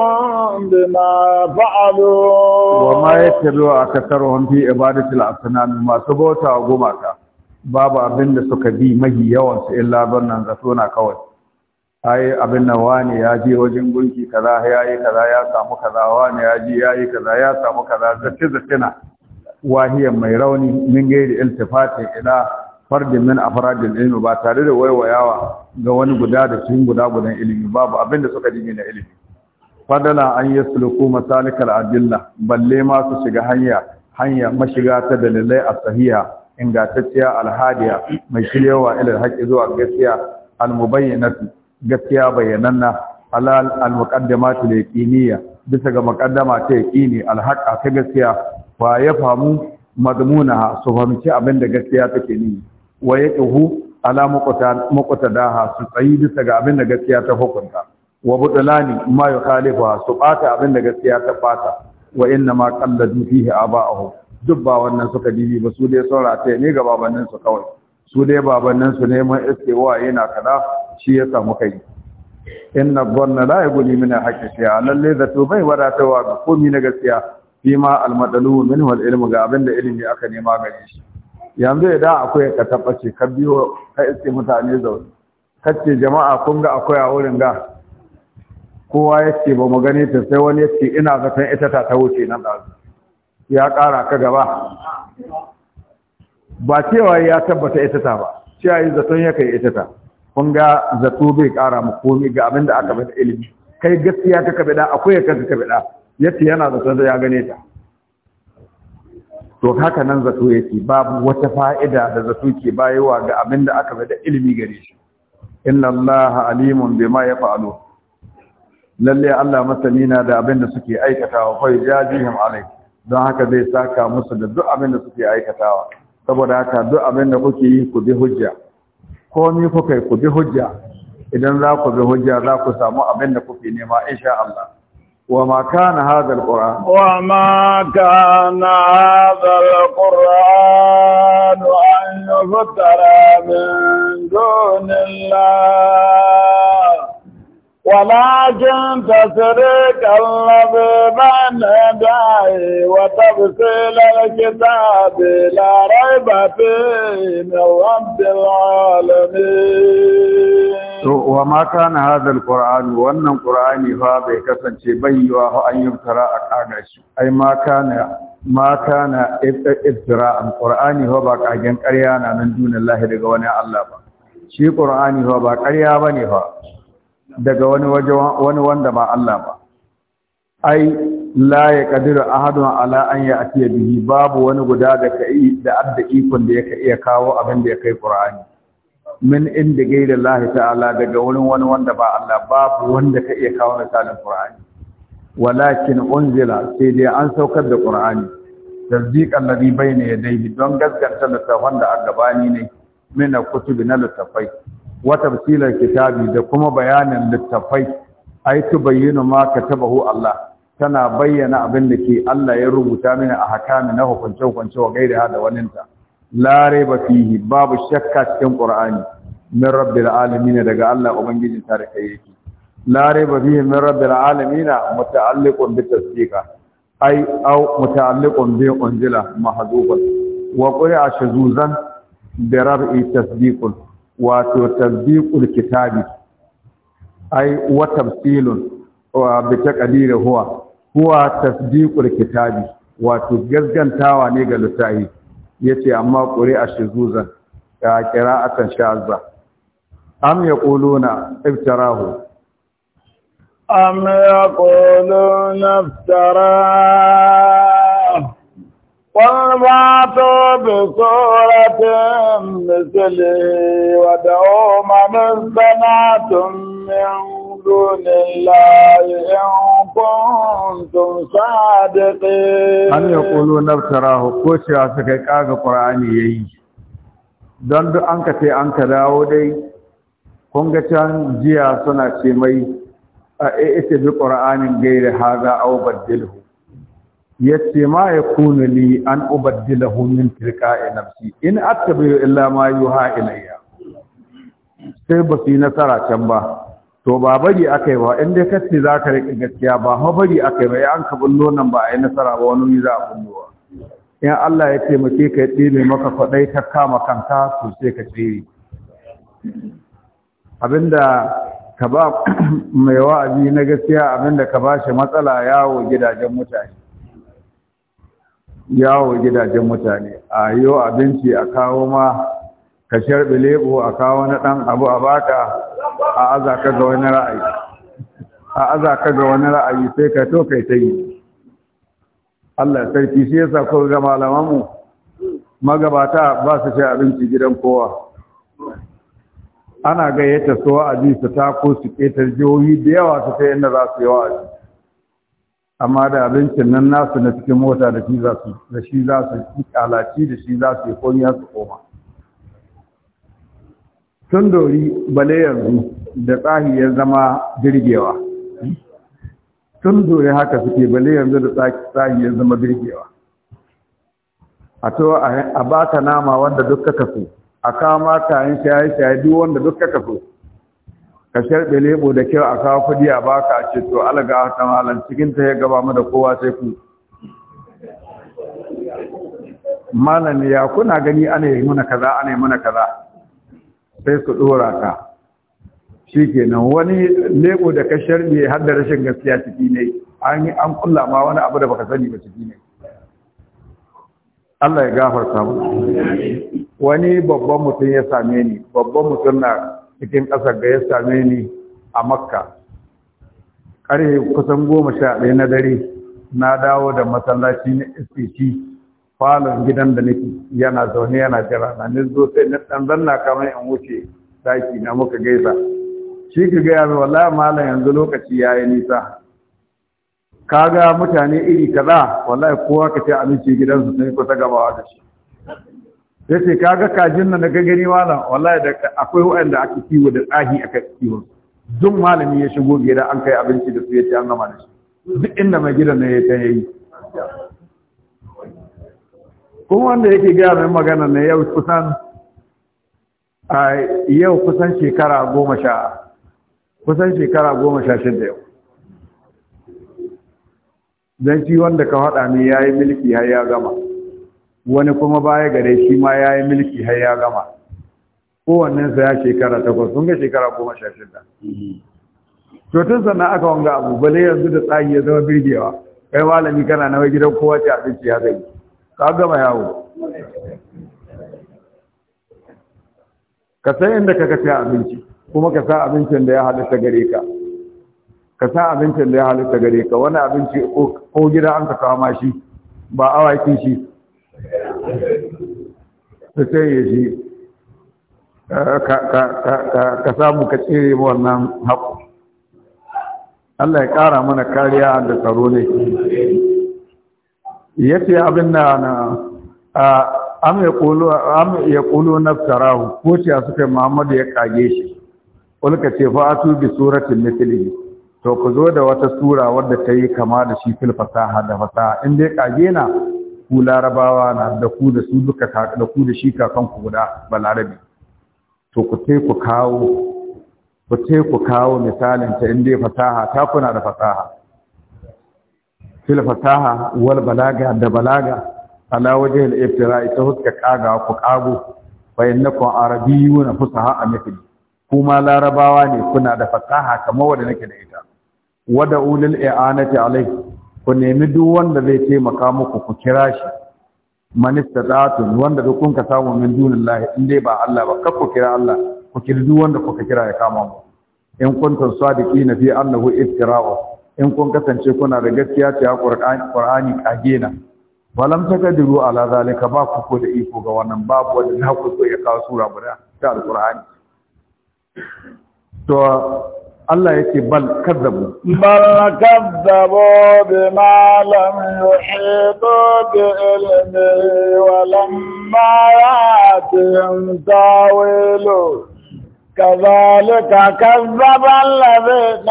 بما فعلوا وما يتلو أكثرهم في عبادة الأصنام ما ثبوت وغمك babu abin da suka bi mahi yawansu illa bannan zato na kawai ai abin nan wani ya je wajen gunki kaza ya yi kaza ya samu kaza wani ya je ya yi kaza ya samu kaza zace zace na wahiyan mai rauni mun min gairi iltifati ina. fardin min faradin ilmi ba tare da waiwayawa ga wani guda da cikin guda gudan ilimi babu abin da suka jini na ilimi fadala an yi suluku masalikar adilla balle ma su shiga hanya hanya mashiga ta dalilai a sahiha ingantacciya alhadiya mai shiryawa ilil haƙi zuwa gaskiya almubayyanatu gaskiya bayyananna alal almuqaddamatu liqiniya bisa ga muqaddama ta yaqini alhaka ta gaskiya fa ya famu madmunaha su fahimci abin da gaskiya take ni wa ihu ala muqtadaha su tsayi bisa ga abin da gaskiya ta hukunta wa budulani ma Khalifa. su bata abin da gaskiya ta bata wa inna ma qalladu fihi aba'ahu duk ba wannan suka dibi ba su dai saurata ne ga babannin su kawai su dai babannin su ne mun wa yana kada shi ya samu kai inna dhanna la yughni min al-haqqi shay'a lalle da to bai wadatawa ga komi na gaskiya fima al-madalu min wal ilmu ga abin da ilimi aka nema gare shi yanzu idan akwai ka tabbace ka biyo ka iske mutane zaune kace jama'a kun ga akwai a wurin ga kowa yake ba mu gane ta sai wani yake ina zaton ita ta ta wuce nan da ya ƙara ka gaba ba cewa ya tabbata ita ta ba cewa yi zaton ya kai ita ta kun ga zato bai ƙara mu komi ga abin da aka bada ilimi kai gaskiya ka kabida akwai ya kanka kabida yace yana zaton da ya gane ta to haka nan zato yake babu wata fa'ida da zato ke bayowa ga abin da aka da ilimi gare shi inna allaha alimun ya yaf'alu lalle Allah masani na da abin da suke aikatawa fa yajihim alai don haka zai saka musu da duk abin da suke aikatawa saboda haka duk abin da kuke yi ku bi hujja ko ni kuka yi ku bi hujja idan za ku bi hujja za ku samu abin da kuke nema insha Allah وما كان هذا القرآن وما كان هذا القرآن أن يفتر من دون الله ولكن تسرق الذي بين يديه وتفصيل الكتاب لا ريب فيه من رب العالمين to wa ma kana hadha alqur'an wannan qur'ani fa bai kasance bayyawa ho an yubtara a kaga shi ai ma kana ma kana ibtira'an qur'ani fa ba kagen ƙarya na nan dunan lahi daga wani Allah ba shi qur'ani fa ba ƙarya bane fa daga wani waje wani wanda ba Allah ba ai la ya kadiru ahadun ala an ya atiya bihi babu wani guda da kai da adda ikon da yake iya kawo abin da ya kai qur'ani min inda gaira Allah ta'ala daga wurin wani wanda ba Allah babu wanda ka iya kawo misalin Qur'ani walakin unzila sai dai an saukar da Qur'ani tasdiqan ladhi bayna yadayhi don gaskanta littafan da aka bani ne min kutubi na littafai wa tafsilar kitabi da kuma bayanin littafai ai bayyana ma katabahu Allah tana bayyana abin da ke Allah ya rubuta mini a hakami na hukunce hukunce wa gaira da waninta la raiba fihi babu shakka cikin qur'ani min rabbil alamin daga Allah ubangijin tare kai yake la raiba fihi min rabbil alamin muta'alliqun bi tasdiqa ay aw muta'alliqun bi unzila mahdhuban wa qira shazuzan bi rabbi tasdiqun wa tasdiqul kitabi ay wa tafsilun wa bi taqdiri huwa huwa tasdiqul kitabi wato gaskantawa ne ga littafi yace amma qur'a shuzuzan ka qira'atan shazza am yaquluna iftarahu am yaquluna iftarahu قل فاتوا بصورة مثله ودعوا من استمعتم من دون ya إن na tarahu ko cewa su kai ƙaga كاغ ya yi, don duk an ka ce an ka dawo dai ƙunga can jiya suna ce mai a eh, ita bi ƙura'anin gairi haza a ubaddilhu. ya ce ma ya kuna li an ubaddilhu min a nafsi in attabiru illa ma yuha ilayya sai ba su yi nasara can ba to ba bari aka yi ba in dai kace za ka riƙe gaskiya ba ma bari aka yi ba ya an ka bullo nan ba a yi nasara ba wani za a bullo in Allah ya taimake ka ya tsere maka kwaɗai ka kama kanka to sai ka tsere abinda ka ba (clears throat) mai wa'azi na gaskiya abinda ka ba shi matsala yawo gidajen mutane yawo gidajen mutane a yi abinci a kawo ma ka sharbi lebo a kawo na ɗan abu a baka a aza ga wani ra'ayi a aza ga wani ra'ayi sai ka to kai ta yi Allah sarki shi yasa ko ga malamanmu magabata ba su ci abinci gidan kowa ana gayyata su wa'azi su tako su ketar jihohi da yawa su sai inda za su yi amma da abincin nan nasu na cikin mota da shi za su da shi za su kalaci da shi za su yi komai su koma tun dori bale yanzu da tsahi ya zama birgewa tun dori haka suke bale yanzu da tsahi ya zama birgewa a to a baka nama wanda duk ka kafu a kama yin shaye-shaye duk wanda duk ka kafu ka sharɓe lebo da kyau a kawo kudi a baka a ce to alaga ta malam cikin ta ya gaba mu da kowa sai ku malam ya kuna gani ana yi mana kaza ana yi mana kaza sai su dora ka shi kenan wani lebo da ka sharbe har da rashin gaskiya ciki ne an yi an kulla ma wani abu da baka sani ba ciki ne Allah ya gafarta mu wani babban mutum ya same ni babban mutum na cikin ƙasar ga ya same ni a makka ƙarfe kusan goma sha ɗaya na dare na dawo da masallaci na istici falon gidan da nake yana zaune yana jira na ni zo sai na dan zanna kamar in wuce daki na muka gaisa shi ka gaya mai wallahi malam yanzu lokaci yayi nisa kaga mutane iri kaza wallahi kowa ka ce aminci gidansu sai kusa gabawa da shi ya ce kaga kajin nan da ka gani malam wallahi da akwai waɗanda ake kiwo da tsahi aka kiwo duk malami ya shigo gida an kai abinci da su ya ci an gama da shi duk inda mai gidan ne ya ta kuma wanda yake gaya mai magana na yau kusan a yau kusan shekara goma sha kusan shekara goma sha shida yau don shi wanda ka faɗa ne ya yi milki har ya gama wani kuma baya gare shi ma ya yi milki har ya gama kowannensa ya shekara takwas sun ga shekara goma sha shida to sannan aka wanga abu bale yanzu da tsagi ya zama birgewa kai malami kana nawa gidan kowace abinci ya zai ka gama yawo ka san inda ka kace abinci kuma ka sa abincin da ya halitta gare ka ka sa abincin da ya halitta gare ka wani abinci ko gida an ka kama shi ba awaki shi ta sai ya shi ka samu ka tsere wannan haƙo Allah ya ƙara mana kariya da tsaro ne yace abin na na am ya qulu am ya naftarahu ko ce suka Muhammad ya kage shi ulka ce fa atu bi suratin mithlihi to ku zo da wata sura wadda ta yi kama da shi fil fasaha da fasaha in dai kage na ku larabawa na da ku da su duka da ku da shi kakan ku guda balarabi to ku te ku kawo ku te ku kawo misalin ta in dai fasaha ta kuna da fasaha fil fasaha wal balaga da balaga ala waje al iftira ita huska kaga ku kago fa innakum arabiyuna fusaha amithli kuma larabawa ne kuna da fasaha kamar wanda nake da ita wada ulil i'anati alai ku nemi duk wanda zai taimaka muku ku kira shi Datun, wanda duk kun ka samu min dunillahi in dai ba Allah ba kakku kira Allah ku kira duk wanda kuka kira ya kama mu in kuntum sadiqina fi annahu iftira'u in kun kasance kuna da gaskiya ce Qur'ani kage na walam takadiru ala zalika ba ku ko da iko ga wannan babu wanda na ku so ya kawo sura guda ta Qur'ani to Allah yake bal kazzabu bal kazzabu bima lam yuhitu bi ilmi wa lam ma tawilu min كذب الذين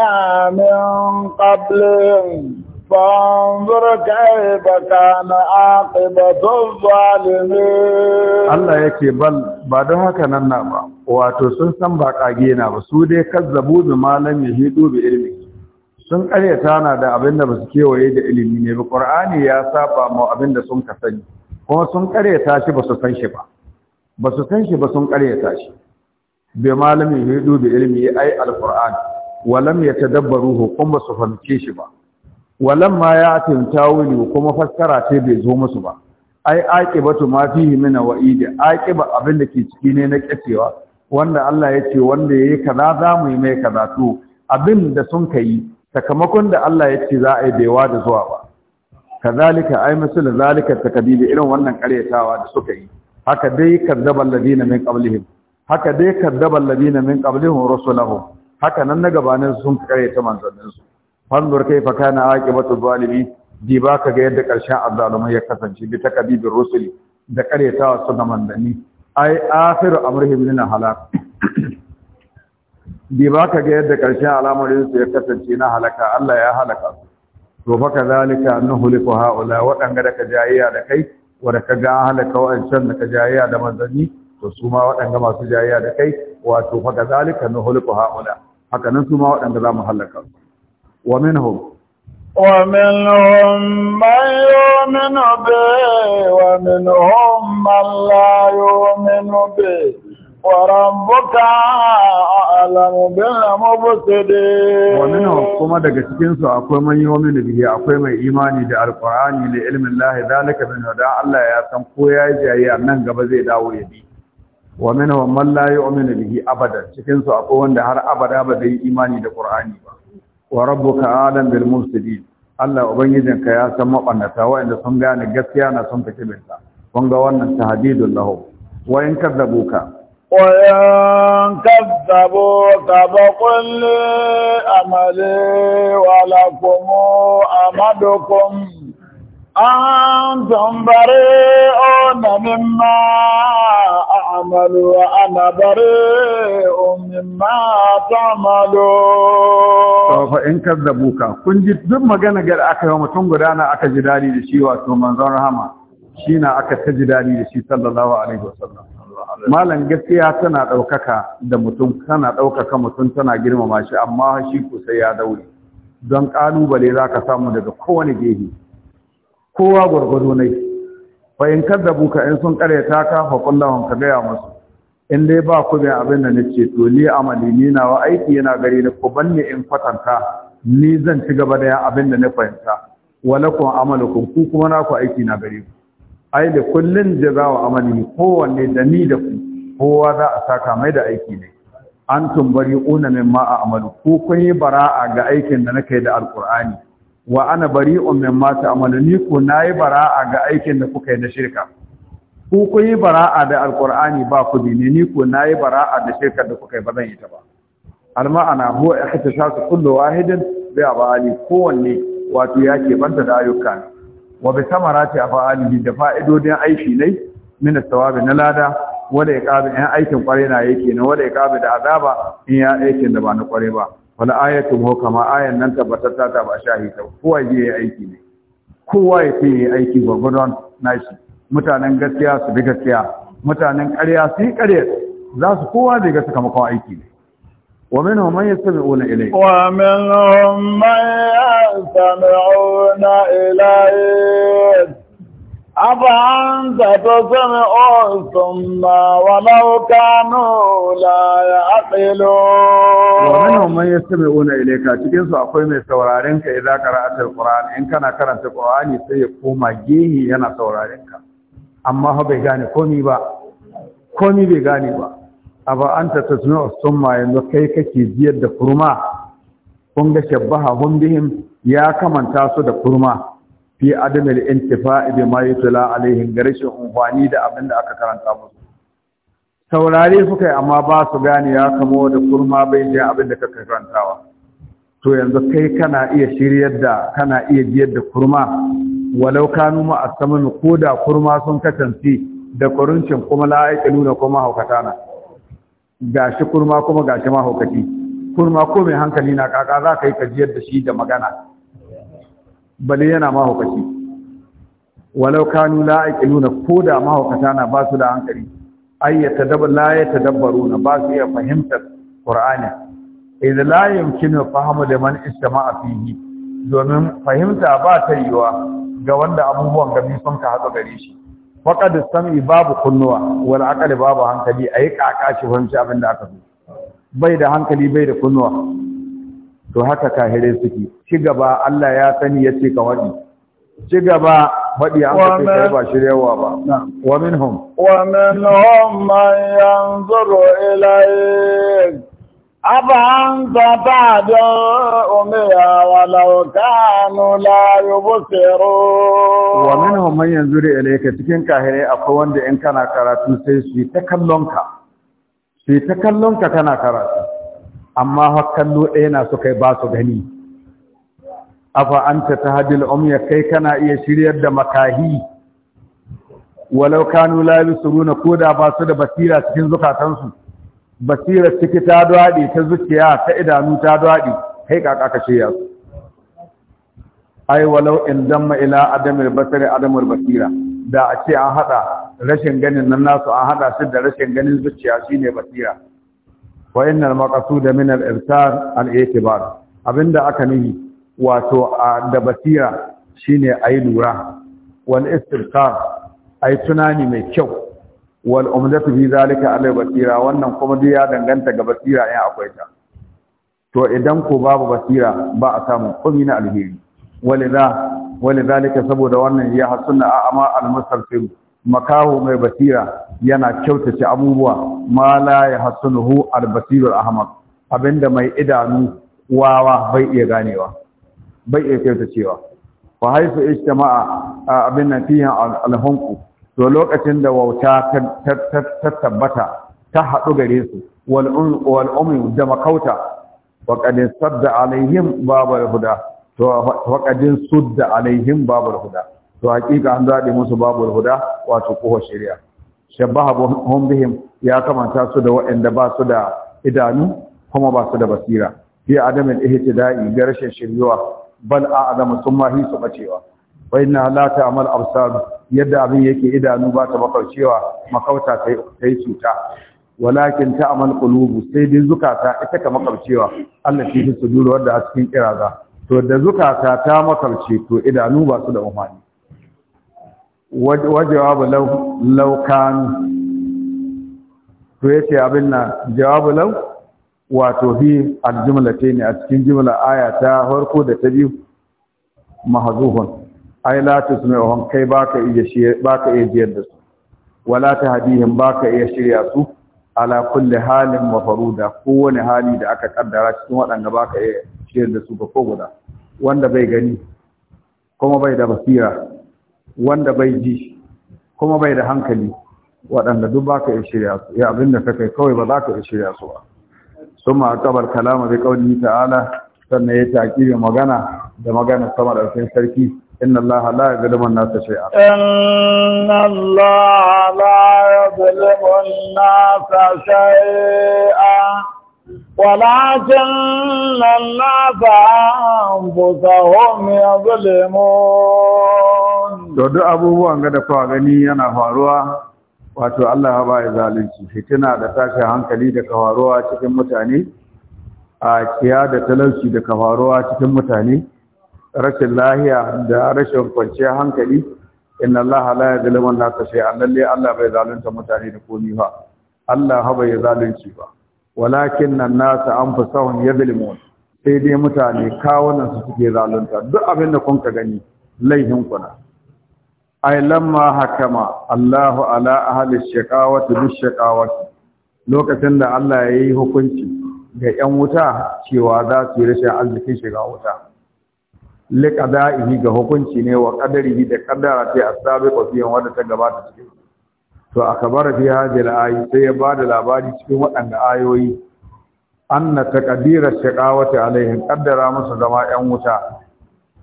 من قبلهم فانظر كيف كان عاقبة الظالمين الله yake bal ba don haka nan na ba wato sun san ba kage na ba su dai kazzabu bi malami hidu bi ilimi. sun karyata na da abinda ba su kewaye da ilimi ne ba ya saba abin abinda sun ka sani kuma sun karyata shi ba su san shi ba ba su san shi ba sun karyata shi bi malami yudu bi ya ai ya ta dabbaru yatadabbaruhu kuma su fahimce shi ba ma ya ya'tin wuli kuma fassara ce bai zo musu ba ai aqibatu ma fihi min wa'idi aqiba abin da ke ciki ne na kyacewa wanda Allah ya ce wanda yayi kaza za mu yi mai kaza to abin da sun yi, sakamakon da Allah ya ce za a yi baiwa da zuwa ba kazalika ai misal zalika takdibi irin wannan karyatawa da suka yi haka dai kadzaba alladina min qablihim haka dai kaddaban ladina min qablihum rusulahum haka nan na gabanin sun kare ta manzannin su fanzur fa kana aqibatu zalimi di ba ka ga yadda karshen azzalumai ya kasance bi takdibir rusuli da ta wasu ga manzanni ai akhiru amrihim lil halak di ba ka ga yadda karshen al'amarin su ya kasance na halaka Allah ya halaka su to fa kadhalika annuhliku haula waɗanga da jayayya da kai wa da ga halaka wa'ancan da kajayya da manzanni to su ma waɗanda masu jayayya da kai wato fa kazalika hulku haula haka nan su ma waɗanda za mu halaka wa minhum wa minhum man yu'minu bi wa minhum man la yu'minu bi wa rabbuka a'lamu bil mubtadi wa minhum kuma daga cikin su akwai man yu'minu bi akwai mai imani da alqur'ani da ilmin lahi zalika min hada Allah ya san ko ya jayayya nan gaba zai dawo ya bi wa wa man la yu'minu bihi abada cikin su akwai wanda har abada ba zai imani da Qur'ani ba wa rabbuka alam bil mufsidin Allah ubangijin ka ya san mabannata wanda sun gane gaskiya na sun fice binta kun ga wannan tahdidul lahu wa in kadzabuka وإن كذبوك فقل لي أملي ولكم أمدكم an zambare ona mimma a'malu wa ana bare mimma ta'malu to fa in kazzabuka kun ji duk magana ga aka yi mutum guda na aka ji dadi da shi wato manzon rahama na aka ta ji dadi da shi sallallahu alaihi wasallam malam gaskiya tana ɗaukaka da mutum tana ɗaukaka mutum tana girmama shi amma shi ko ya daure don kalubale zaka samu daga kowane gefe kowa gwargwado ne fa in ka in sun karyata ka fa kullahum ka gaya musu in dai ba ku da abin da nace to ni amali ni wa aiki yana gare ni ku banne in kwatanta ni zan ci gaba da abin da na fahimta walakum amalukum ku kuma na ku aiki na gare ku ai da kullun jazawa amali kowanne da ni da ku kowa za a saka mai da aiki ne an tumbari una min amalu ku kun yi bara'a ga aikin da nake da alqur'ani wa ana bari'un mimma ta'malu ni ko nayi bara'a ga aikin da kuka yi na shirka ku kun yi bara'a da alqur'ani ba ku dine ni ko nayi bara'a da shirka da kuka yi ba zan yi ta ba alma'ana huwa ihtisasu kullu wahidin bi abali kowanne wato yake banta da ayyuka wa bi samarati afalihi da fa'idodin aiki ne min sawabi na lada wanda ya kabe in aikin kware na yake ne wanda ya kabe da azaba in ya aikin da ba na kware ba wani ayatun hukama ayan nan tabbatar ta ba shahi ta kowa ya yi aiki ne kowa ya fi yi aiki gwagwadon nashi mutanen gaskiya su bi gaskiya mutanen ƙarya su yi ƙarya za su kowa zai ga sakamakon aiki ne ومنهم من يستمعون إليك ومنهم من يستمعون إليك أفأنت تسمع ثم ولو كانوا لا يعقلون ومنهم من يستمعون إليك cikin su akwai mai sauraren ka idan qara'at alquran in kana karanta qur'ani sai ya koma gehi yana sauraren amma fa bai gane komi ba bai gane ba aba anta tasma'u thumma yanzu kai kake biyar da kurma kun ga shabbaha hum ya kamanta su da kurma fi adam al-intifa'i bima yutla alaihim ga rashin da abinda aka karanta musu saurare suka kai amma ba su gane ya kamo da kurma bai je abin da ka karantawa to yanzu kai kana iya shiryar da kana iya biyar da kurma walau kanu ma ko da kurma sun kasance da kuruncin kuma la'aiki nuna kuma haukata na gashi kurma kuma gashi mahaukaci kurma ko mai hankali na kaka za ka yi kajiyar da shi da magana bale yana mahaukaci walau kanu la aqiluna ko da mahaukata na ba su da hankali ay yatadabbar la yatadabbaruna ba su iya fahimtar qur'ani idza la yumkinu fahmu ma istama'a fihi domin fahimta ba ta yiwa ga wanda abubuwan gabi sun ka haɗu gare shi faqad sami babu kunnuwa wal aqli babu hankali ayi kaka shi fahimci abin da aka so bai da hankali bai da kunnuwa to haka kahire suke ci gaba Allah ya sani ya ce ka waɗi ci gaba waɗi an ka ce ba shiryawa ba wa minhum wa minhum man yanzuru ilayk afa anta ta'du umiya walau kanu la yubsirun wa minhum man yanzuru ilayka cikin kahire akwai wanda in kana karatu sai su yi ta kallonka su yi ta ka kana karatu amma kallo ɗaya na su kai ba su gani afa ta tahdil umya kai kana iya shiryar da makahi walau kanu la yusuruna koda ba su da basira cikin zukatansu basira ciki ta dwadi ta zuciya ta idanu ta dwadi kai kaka ka su ai walau in damma ila adamil basari adamul basira da a ce an hada rashin ganin nan nasu an hada shi da rashin ganin zuciya shine basira wa innal maqsuda min al-irsan al-i'tibar abinda aka nihi wato da basira shine ayi lura wal istirqar ayi tunani mai kyau wal umdatu fi zalika alai basira wannan kuma duk ya danganta ga basira in akwai ta to idan ko babu basira ba a samu komai na alheri walidha walidhalika saboda wannan ya a a'ama al-mustarfin makaho mai basira yana kyautace abubuwa ma la ya hasunuhu albasirul ahmad abinda mai idanu wawa bai iya ganewa bai iya kyautacewa fa haifu ijtama'a abin nan fiyan alhunku to lokacin da wauta ta tabbata ta haɗu gare su wal um, da makauta wa qad sadda alaihim babal huda to wa qad sadda alaihim babal huda to hakika an zaɗe musu babul huda wato kohon shari'a shabbaha hum bihim ya kamanta su da waɗanda ba su da idanu kuma ba su da basira fi adamin ihtida'i ga rashin shiryuwa bal a'zamu summa hi su bacewa wa inna la ta'mal absar yadda abin yake idanu ba ta makaucewa makauta kai kai cuta walakin ta'mal qulubu sai dai zukata ita ka makaucewa Allah shi su duro wanda a cikin kiraza to da zukata ta makauce to idanu ba su da umani wajawabu laukanu to ya abin na jawabu lau wato fi aljumla ce ne a cikin jumla aya ta farko da ta biyu mahazuhun ai la tusmi'uhum kai baka iya shi baka iya jiyar da su wala tahdihim baka iya shirya su ala kulli halin mafaruda kowane hali da aka kaddara cikin waɗanda baka iya shirya da su ba ko guda wanda bai gani kuma bai da basira wanda bai ji kuma bai da hankali waɗanda duk baka yi shirya su ya abin da kai kawai ba za ka yi shirya su ba sun ma kabar kalama bi kauli ta'ala sannan ya taƙiri magana da magana sama da sarki إن الله لا يظلم الناس شيئا إن الله لا يظلم الناس شيئا ولكن الناس أنفسهم يظلمون to abubuwan ga da fa gani yana faruwa wato Allah ya bai zalunci fitina da tashi hankali da kafaruwa cikin mutane a kiya da talauci da kafaruwa cikin mutane rashin lahiya da rashin kwanciyar hankali inna Allah la yadhlimu an-nasa shay'an lalle Allah bai zalunta mutane da komai ba Allah ha bai zalunci ba walakin an-nasa anfusahum yadhlimun sai dai mutane kawunan su suke zalunta duk abin da kun ka gani laihin kuna ai lamma hakama Allahu ala ahli shaqawati bishaqawati lokacin da Allah ya yi hukunci ga ƴan wuta cewa za su yi rashin arzikin shiga wuta liqada'ihi ga hukunci ne wa qadarihi da qaddara ta asabiqu fi wanda ta gabata cikin to akbara fi hadhihi al sai ya bada labari cikin waɗanda ayoyi anna taqdira shaqawati alaihim qaddara musu zama ƴan wuta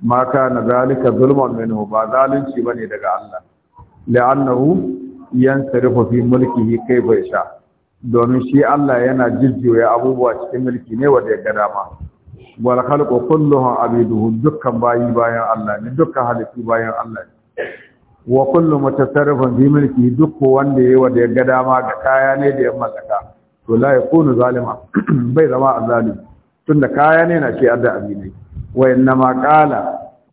ma kana zalika zulman minhu ba zalunci bane daga Allah la'annahu yansarifu fi mulkihi kayfa yasha domin shi Allah yana jijjiya abubuwa cikin mulki ne wanda ya ga dama wal khalqu kulluhu abiduhu dukkan bayi bayan Allah ne dukkan halittu bayan Allah ne wa kullu mutasarrifin fi mulki duk wanda yayi wanda ya ga dama ga kaya ne da ya mallaka to la yakunu zalima (clears throat) bai zama azali tunda kaya ne na shi adda ne wa ma qala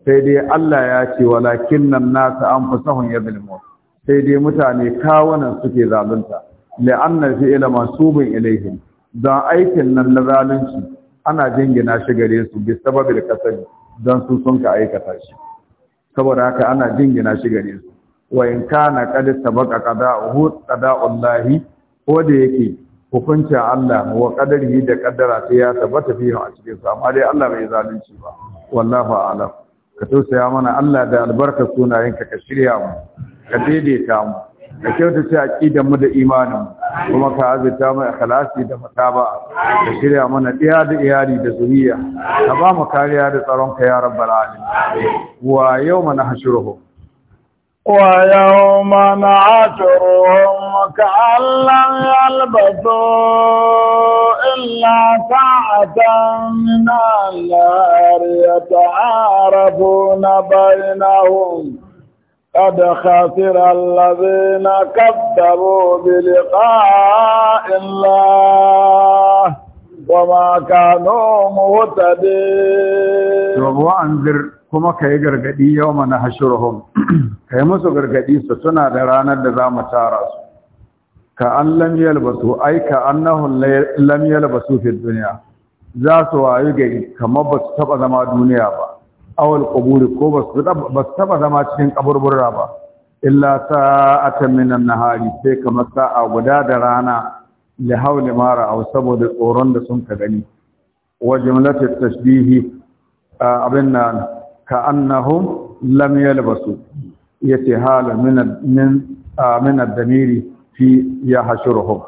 sai dai Allah ya ce walakin nan nasu an sahun ya mu. sai dai mutane kawunan suke zalunta fi ilimin masubin ilaihim dan aikin nan na zalunci ana jingina shi gare su bi sababil kasali dan su sun ka aikata shi saboda haka ana jingina shi gare su wa in kana qad sabaqa qada'u qada'ullahi ko da yake hukuncin Allah wa kadari da kaddara sai ya tabbata fiye a cikin sa amma dai Allah bai zalunci ba wallahi a'lam ka tausaya mana Allah da albarka sunayenka ka shirya mu ka daidaita mu ka ci aqidan mu da imanin kuma ka azurta mu ikhlasi da mataba ka shirya mana diya da iyali da zuriya ka ba mu kariya da tsaron ka ya rabbal alamin wa yawma nahshuruhum wa yawma nahshuruhum وكأن لم يلبثوا إلا ساعة من النار يتعارفون بينهم قد خسر الذين كذبوا بلقاء الله وما كانوا مهتدين وأنذر kuma ka yi يوم نحشرهم mana hashirahun (clears throat) ka yi درانا gargaɗi su ka'an an lam ai ka nahun lam yalbasu fi duniya za su wayu gari kamar ba su taba zama duniya ba awal qaburi ko ba su taba zama cikin kaburbura ba illa sa'atan minan nahari sai kamar a guda da rana li hawli mara aw saboda tsoron da sun ka gani wa jumlatu tashbihi abin nan ka annahum lam yalbasu yace hala min min damiri fi ya hashuruhu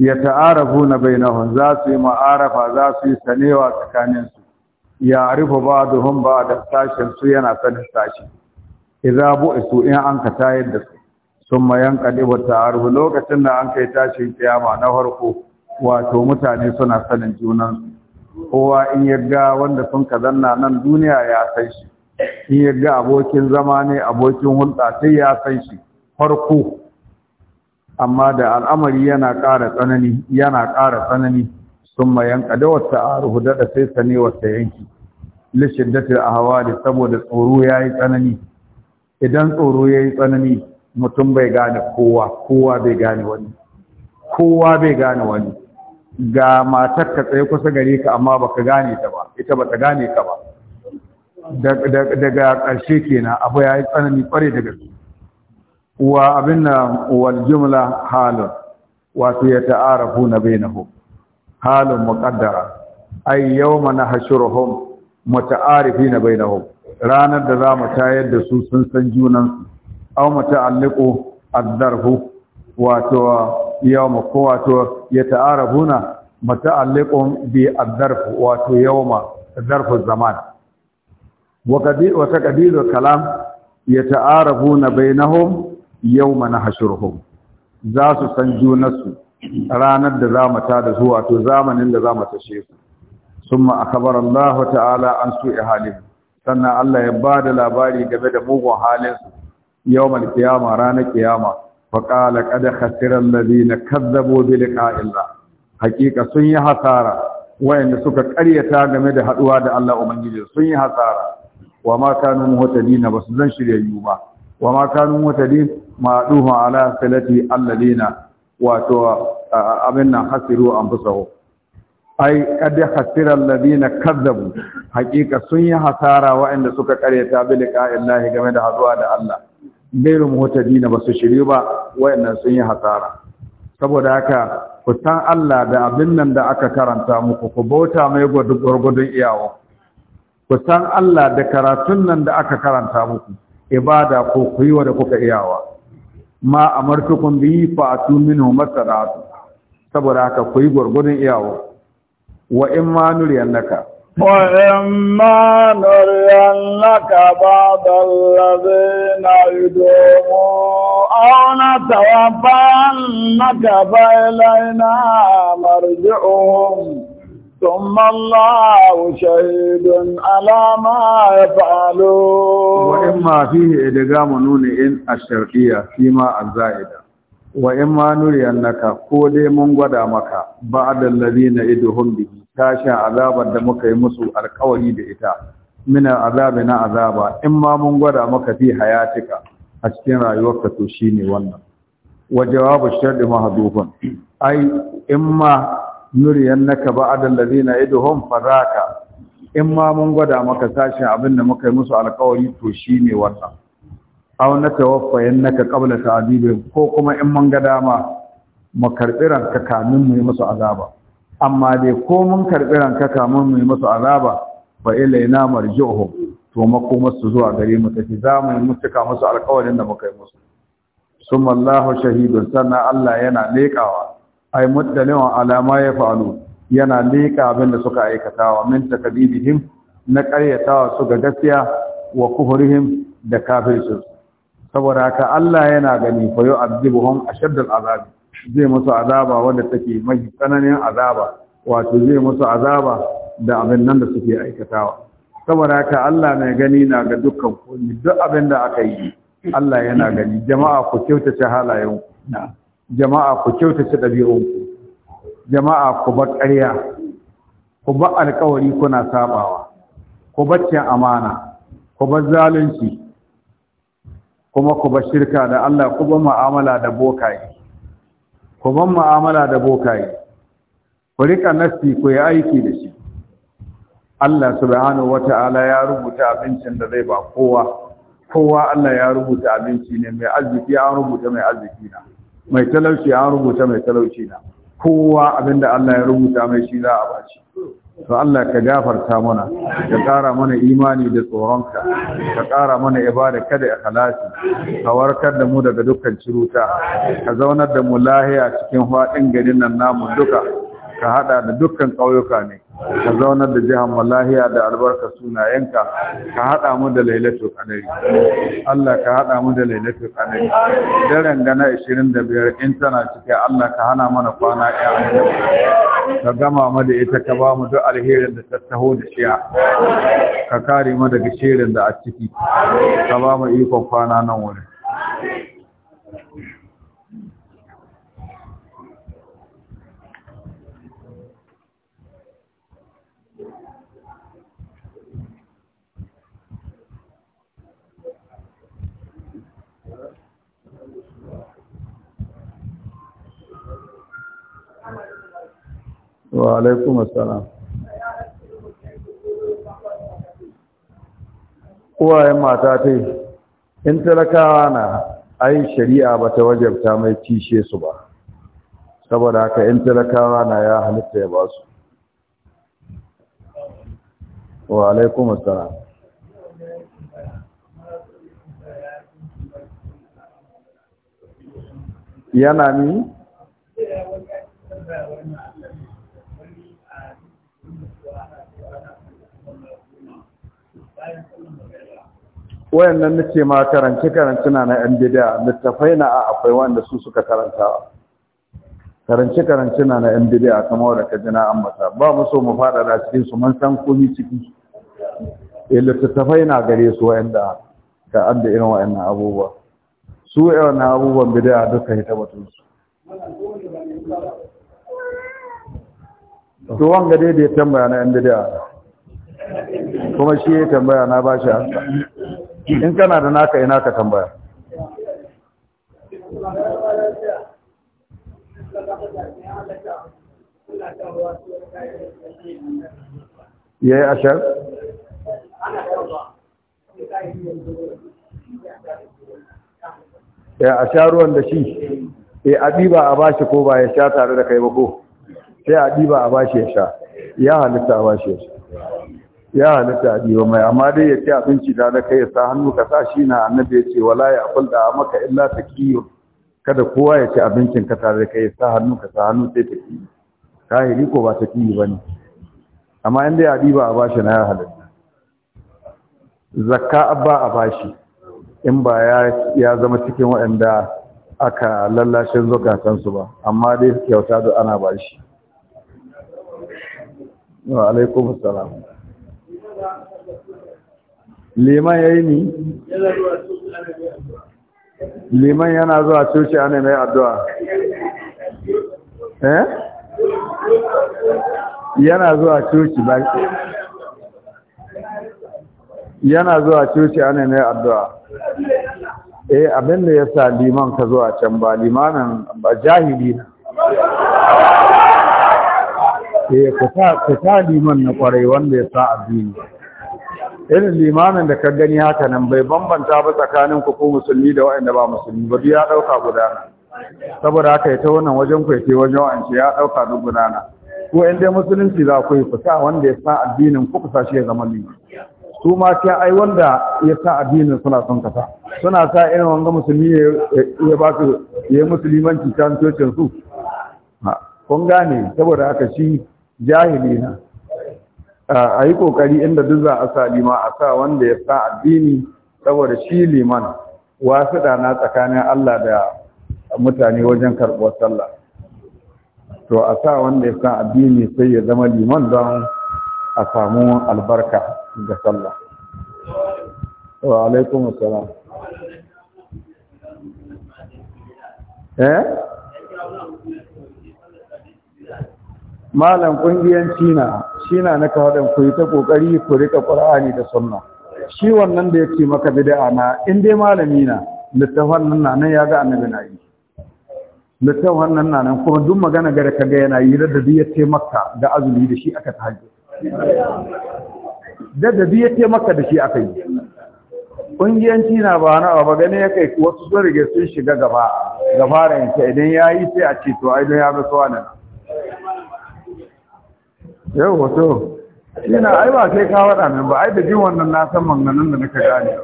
ya ta'arafu na bainahun za su yi ma'arafa za su yi sanewa tsakaninsu ya rufe ba da hun ba da sashen su yana sanin sashi idan bu su in an ka tayar da su sun mayan kalibar ta'arafu lokacin da an kai tashin kiyama na farko wato mutane suna sanin junansu kowa in ga wanda sun ka zanna nan duniya ya san shi in ga abokin zama ne abokin hulɗa sai ya san shi farko amma da al'amari yana ƙara tsanani yana ƙara tsanani sun mayan ƙadawar ta'aruhu daɗa sai sanewar wata yanki lishiddatar a hawa da saboda tsoro ya yi tsanani idan tsoro ya yi tsanani mutum bai gane kowa kowa bai gane wani kowa bai gane wani ga matar ka tsaye kusa gare ka amma baka gane ta ba ita bata gane ka ba daga ƙarshe kenan abu ya yi tsanani kware daga su wa abin wal jumla halun wato ya ta'arafu na bainahu halun muqaddara ay yawma nahshuruhum muta'arifina bainahum ranar da za mu tayar da su sun san junan aw muta'alliqu ad-darhu wato yawma ko wato ya ta'arafuna muta'alliqun bi ad-darf wato yawma darfu zaman wa kadi wa taqdiru kalam ya ta'arafuna bainahum yawma nahshuruhum za su san junansu ranar da za mu ta da su wato zamanin da za mu tashe su summa akhbara Allah ta'ala an su'i halin sannan Allah ya ba da labari game da mugun halin su yawmal qiyama ranar qiyama fa qala qad khasira alladhina kazzabu bi liqa'illah hakika sun yi hasara wayanda suka ƙaryata game da haduwa da Allah ubangiji sun yi hasara wa ma kanu ba basu zan yu ba wa ma kanu mutadin ma duhu ala salati alladina wato abin nan hasiru anfusahu ai kad khasira alladina kadabu. hakika sun yi hasara waɗanda suka karyata bi liqa'illahi game da hazuwa da Allah gairu muhtadina basu shiri ba waɗannan sun yi hasara saboda haka ku san Allah da abin nan da aka karanta muku ku bauta mai gwargwadon iyawa ku san Allah da karatun nan da aka karanta muku ibada ko ku yi da kuka iyawa ma amartukum bi fa atu minhu masadatu saboda haka ku yi gurgurun iyawa wa in ma nuriyannaka وإما نرينك بعض الذين يدوم أو نتوفينك فإلينا مرجعهم ثم الله شهيد على ما يفعلون وإما فيه إدغام نون إن الشرقية فيما الزائدة وإما نري أنك قولي من قد بعد الذين إدهم به تاشا عذاب دمك يمسو القولي بإتا من العذاب نا عذابا إما من قد في حياتك أشكين يوقف تشيني ونم وجواب الشرق مهدوف أي إما nuriyannaka ba'da allazina yaduhum fadaka in ma mun gwada maka sashin abinda muka yi musu alƙawari to shine wannan aw na tawaffayannaka qabla ta'dibin ko kuma in mun ga dama mu karbi ranka kamin mu yi musu azaba amma dai ko mun karbi ranka kamin mu yi musu azaba fa ilaina marji'uhum to makomar su zuwa gare mu tafi za mu yi mutuka musu alƙawarin da muka yi musu summa Allahu shahidun sannan Allah yana leƙawa ay muddalin ala ma yafalu yana leka abin da suka aikata wa min takdibihim na ƙaryatawa su ga gaskiya wa kufurihim da kafirsu saboda haka Allah yana gani fa yu'adhibuhum ashaddal azab zai musu azaba wanda take mai tsananin azaba wato zai musu azaba da abin nan da suke aikatawa saboda haka Allah mai gani na ga dukkan duk abin da aka yi Allah yana gani jama'a ku kyautace halayenku na'am jama'a ku kyautata ɗabi'unku jama'a ku bar ƙarya ku bar alƙawari kuna sabawa ku bar cin amana ku bar zalunci kuma ku bar shirka da Allah ku bar mu'amala da bokaye ku bar mu'amala da bokaye ku rika nasti ku yi aiki da shi Allah subhanahu wata'ala ya rubuta abincin da zai ba kowa kowa Allah ya rubuta abinci ne mai arziki ya rubuta mai arziki na mai talauci an rubuta mai talauci na kowa abinda Allah ya rubuta mai shi za a baci to Allah ka gafarta mana ka ƙara mana imani da tsoronka ka ƙara mana ibada kada ya halasi ka warkar da mu daga dukkan ciruta ka zaunar da mu lahiya cikin faɗin garin nan namu duka ka hada da dukkan ƙauyuka ne ka zaunar da jihar malahiya da albarka sunayenka ka haɗa mu da lailatul qadari Allah ka haɗa mu da lailatul qadari daren gana 25 in tana cike Allah ka hana mana kwana ɗaya ka gama mu da ita ka ba mu duk alherin da ta taho da shiya ka kare mu daga shirin da a ciki ka ba mu ikon kwana nan wuri wa alaikum uwayen mata ta in talakawa na yi shari'a ba ta wajabta mai cishe su ba saboda haka in talakawa na ya halitta ya ba su wa alaikum assalam yana ni wayannan nake ma karance karance na na yan bid'a littafai na akwai wanda su suka karanta karance karance na na yan bid'a kamar da ka na ambata ba mu so mu fada da cikin su mun san komai ciki Eh, littattafai na gare su wa'anda ka da irin wa'annan abubuwa su wa'annan abubuwan bid'a duka hita batun su to wanga dai da tambaya na yan bid'a kuma shi ya tambaya na bashi ansa in kana da naka ina ka tambaya yayi ashar ya a sha ruwan da shi e a ɗiba a bashi ko ba ya sha tare da kai ba ko sai a ɗiba a bashi ya sha ya halitta a bashi ya sha ya halitta a ɗiba mai amma dai ya ci abinci da da kai ya sa hannu ka sa shi na annabi ya ce wala ya akul da maka illa ta kiyo kada kowa ya ci abincin ka tare da kai ya sa hannu ka sa hannu sai ta kiyo yi ko ba ta kiyo ba ne amma in dai a ɗiba a bashi na ya halitta zakka ba a bashi in ba ya zama cikin waɗanda aka lallashin zukatansu ba amma dai kyauta da ana bashi wa alaikum salam liman ya yi ni liman yana zuwa coci ana mai addu'a eh yana zuwa coci ba yana zuwa coci ana mai addu'a eh abin da ya sa liman ka zuwa can ba limanin ba jahili na eh ku ta liman na kwarai wanda ya sa addini irin limanin da ka gani haka nan bai bambanta ba tsakanin ku ko musulmi da waɗanda ba musulmi ba ya ɗauka gudana saboda haka ya wannan wajen ku ya wajen wa'ance ya ɗauka duk gudana ko in dai musulunci za ku yi ku wanda ya sa addinin ku kusa shi ya zama liman su ma ta ai wanda ya sa addinin suna son kasa suna sa irin wanga musulmi ya ba su ya musulmanci kan cocin su kun gane saboda haka shi jahili na a yi kokari inda duk za a sa lima a sa wanda ya sa addini saboda shi liman wasu na tsakanin Allah da mutane wajen karɓar sallah to a sa wanda ya sa addini sai ya zama liman don a samu albarka ga sallah wa alaikum assalam eh malam kungiyan cina cina na kawadan ku yi ta kokari ku rika qur'ani da sunna shi wannan da yake maka bid'a na in dai malami na littafan nan na nan ya ga annabi na yi littafan nan na nan kuma duk magana gare ka ga yana yi da duk ya taimaka da azumi da shi aka tahajjud dadabi ya ce maka da shi aka yi ƙungiyanci na ba na ba gane ya kai wasu sun rige sun shiga gaba gaba da yanke idan ya yi sai a ce to a idan ya bi suwa nan yau wato shi na ai ba sai ka ba ai da jin wannan na san manganin da naka gane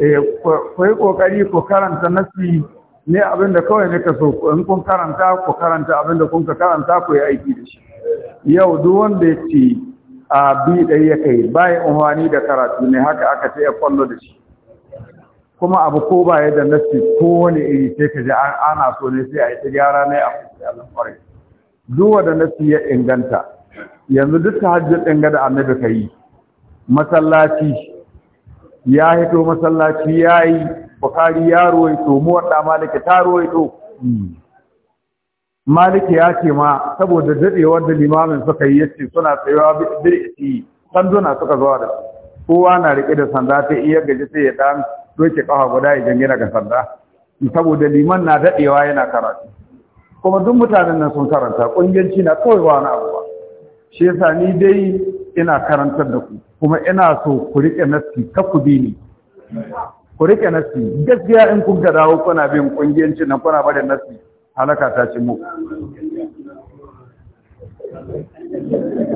eh, ku yi ƙoƙari ku karanta nasi ne abin da kawai nika so in kun karanta ku karanta abin da kun ka karanta ku yi aiki da shi yau duk wanda ya ce a bi ɗai ya kai bayan da karatu ne haka aka sai ya kwallo da shi kuma abu ko ba ya da nasi ko wani iri sai ka ji ana so ne sai a yi ta gyara ne a kusa yalan kwarai duk wanda nasi ya inganta yanzu duk ta hajji ɗin ga da annabi ka yi masallaci ya hito masallaci ya yi bukari ya ruwaito wanda maliki ta ruwaito hmm. maliki ya ce ma saboda dadewar da limamin suka yi yace suna tsayawa birki sanduna suka zuwa da kowa na rike da sanda ta iya gaji sai ya dan doke kafa guda ya janye ga sanda saboda liman na dadewa yana karatu kuma duk mutanen nan sun karanta kungiyanci na kawai wani abu ba shi yasa ni dai ina karantar da ku kuma ina so ku rike nasi ka ku bi ni ku rike nasi gaskiya in kun ga dawo kuna bin kungiyanci nan kuna barin nasi halaka ta ci mu.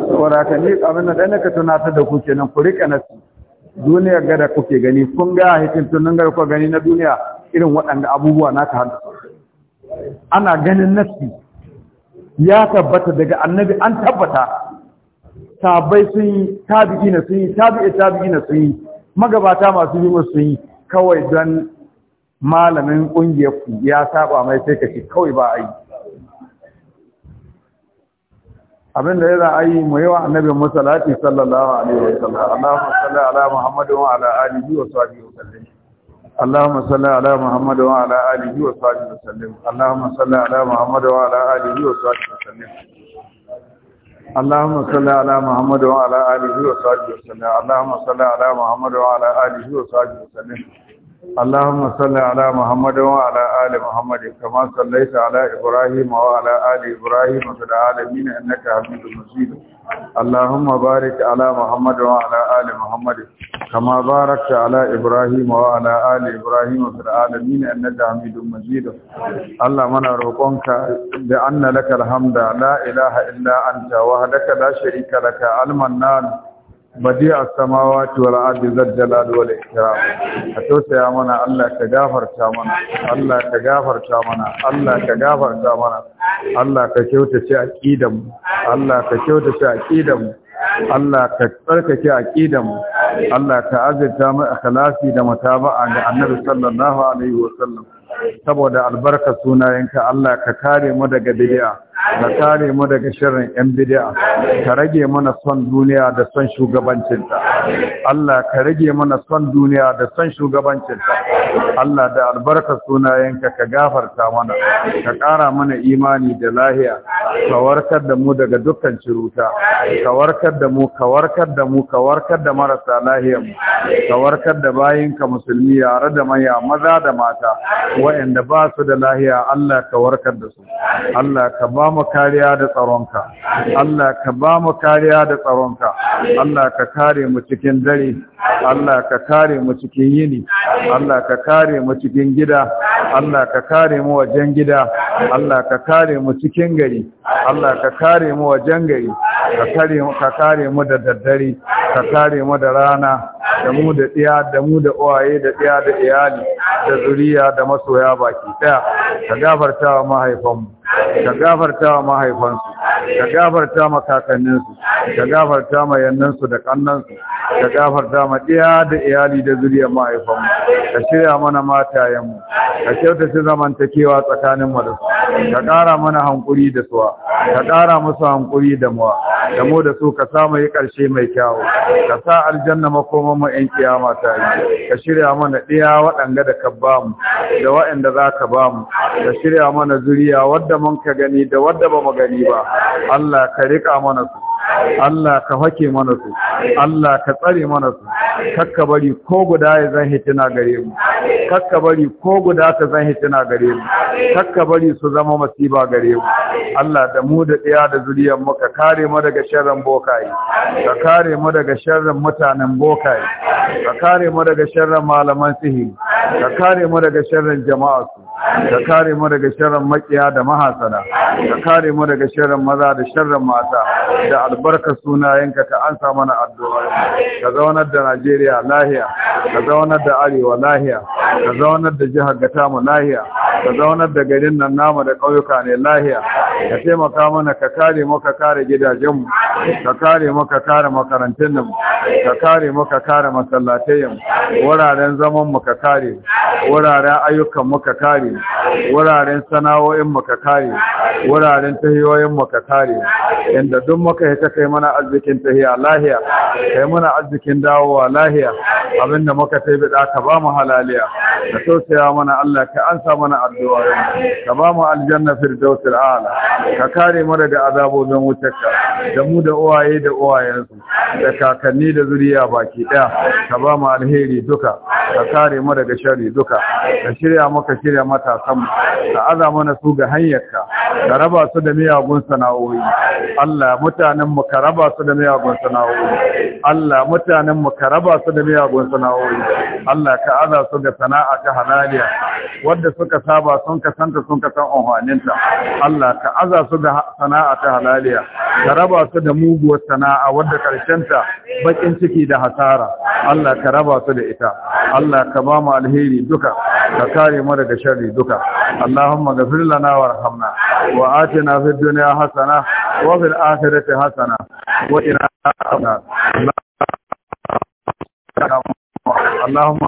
saboda ni abin da ɗan naka tunatar da kuke nan. ku riƙa nasu Duniya gada kuke gani kun ga hikin tunan gada gani na duniya irin waɗanda abubuwa na ta hannu ana ganin nasu ya tabbata daga annabi an tabbata sabai sun yi tabi'i na sun yi tabi'i tabi'i na sun yi magabata masu yi sun yi kawai don malamin ƙungiyar ku ya saba mai sai ka ce kawai ba a yi abin da ya za a yi mu yi wa annabi musallati sallallahu alaihi wa sallam Allahumma salli ala muhammadu wa ala alihi wa sahbihi wa sallam Allahumma salli ala muhammadu wa ala alihi wa sahbihi wa sallam Allahumma salli ala muhammadu wa ala alihi wa sahbihi wa sallam اللهم صل على محمد وعلى اله وصحبه وسلم اللهم صل على محمد وعلى اله وصحبه وسلم اللهم صل على محمد وعلى آل محمد كما صليت على إبراهيم وعلى آل إبراهيم في العالمين إنك حميد مجيد اللهم بارك على محمد وعلى آل محمد كما باركت على إبراهيم وعلى آل إبراهيم في العالمين إنك حميد مجيد اللهم نروقك بأن لك الحمد لا إله إلا أنت وحدك لا شريك لك المنان badi a samawa tuwar adizar jalal wal ikram ka tausaya mana Allah ka gafarta mana Allah ka gafarta mana Allah ka gafarta mana Allah ka kyauta a aqidan Allah ka kyauta a aqidan Allah ka a aqidan Allah ka azurta mu ikhlasi da a ga Annabi sallallahu alaihi wasallam saboda albarka sunayenka Allah ka kare mu daga bid'a ka kare mu daga shirin yan bid'a ka rage mana son duniya da son shugabancinta Allah ka rage mana son duniya da son shugabancinta Allah da albarkar sunayenka ka gafarta mana ka ƙara mana imani da lahiya ka warkar da mu daga dukkan ciruta ka warkar da mu ka warkar da mu ka warkar da marasa lahiya mu ka warkar da bayinka musulmi yare da maya maza da mata wa'anda ba su da lahiya Allah ka warkar da su Allah ka ba ba mu kariya da tsaronka Allah ka ba mu kariya da tsaronka Allah ka kare mu cikin dare Allah ka kare mu cikin yini Allah ka kare mu cikin gida Allah ka kare mu wajen gida Allah ka kare mu cikin gari Allah ka kare mu wajen gari ka kare mu ka kare mu da daddare ka kare mu da rana da mu da tsiya da mu da uwaye da tsiya da iyali da zuriya da masoya baki daya ka gafarta wa mahaifanmu ka gafarta wa mahaifansu ka gafarta ma kakanninsu ka gafarta ma yannansu da kannansu ka gafarta ma ɗiya da iyali da zuriyar mahaifanmu ka shirya mana matayenmu ka kyautata zamantakewa tsakanin mu da su ka ƙara mana hankuri da suwa ka ƙara musu hankuri da muwa da mu da su ka sa mu yi ƙarshe mai kyawu ka sa aljanna makoman mu ƴan kiyama ta yi ka shirya mana ɗiya waɗanga da ka ba da waɗanda za ka ba mu ka shirya mana zuriya wadda mun ka gani da wadda ba mu gani ba Allah ka rika mana su Allah ka hake mana su Allah ka tsare mana su kakka bari ko guda ya zan hitina gare mu kakka bari ko guda ta zan hitina gare mu kakka bari su zama masiba gare mu Allah da mu da tsaya da zuriyar mu ka kare mu daga sharrin bokaye ka kare mu daga sharrin mutanen bokaye ka kare mu daga sharrin malaman sihiri ka kare mu daga sharrin jama'a su ka kare mu daga sharrin makiya da mahasana ka kare mu daga sharrin maza da sharrin mata da albarka sunayenka ka ansa mana addu'a ka zaunar da Najeriya lahiya ka zaunar da Arewa lahiya ka zaunar da jihar Gatamu lahiya ka zaunar da garin nan nama da ƙauyuka ne lahiya ka taimaka mana ka kare mu ka kare gidajenmu ka kare mu ka kare makarantunmu ka kare mu ka kare masallatayenmu wuraren zaman mu ka kare wuraren ayyukan mu ka kare wuraren sana'o'in mu ka kare wuraren tahiyoyin mu ka kare inda duk muka yi ta kai mana arzikin tahiya lahiya kai mana arzikin dawowa lahiya abinda muka taibida ka ba mu halaliya ka tausaya mana Allah ka ansa mana ka ba mu aljanna firdausul a'la ka kare mu daga azabobin wutarka da mu da uwaye da uwayensu da kakanni da zuriya baki daya ka ba mu alheri duka ka kare mu daga sharri duka ka shirya ka shirya matasan mu ka aza mana su ga hanyarka ka raba su da miyagun sana'o'i Allah mutanen mu ka raba su da miyagun sana'o'i Allah mutanen mu ka raba su da miyagun sana'o'i Allah ka aza su ga sana'a ta halaliya wanda suka sa saba sun ka sun ka san Allah ka aza su da sana'a ta halaliya ka raba su da muguwar sana'a wadda ta bakin ciki da hasara Allah ka raba su da ita Allah ka ba mu alheri duka ka kare mu daga sharri duka Allahumma ghfir lana warhamna wa atina fid dunya hasana wa fil akhirati hasana wa qina adhaban اللهم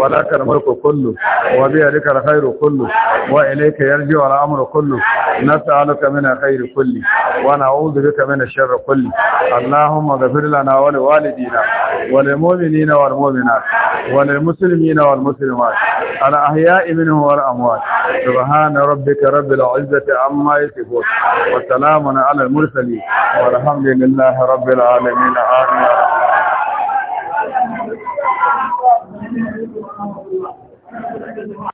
ولك الملك كله وبيدك الخير كله وإليك يرجع الأمر كله نسألك من الخير كله ونعوذ بك من الشر كله اللهم اغفر لنا ولوالدينا وللمؤمنين والمؤمنات وللمسلمين والمسلمات الأحياء منهم والأموات سبحان ربك رب العزة عما يصفون وسلام على المرسلين والحمد لله رب العالمين آمين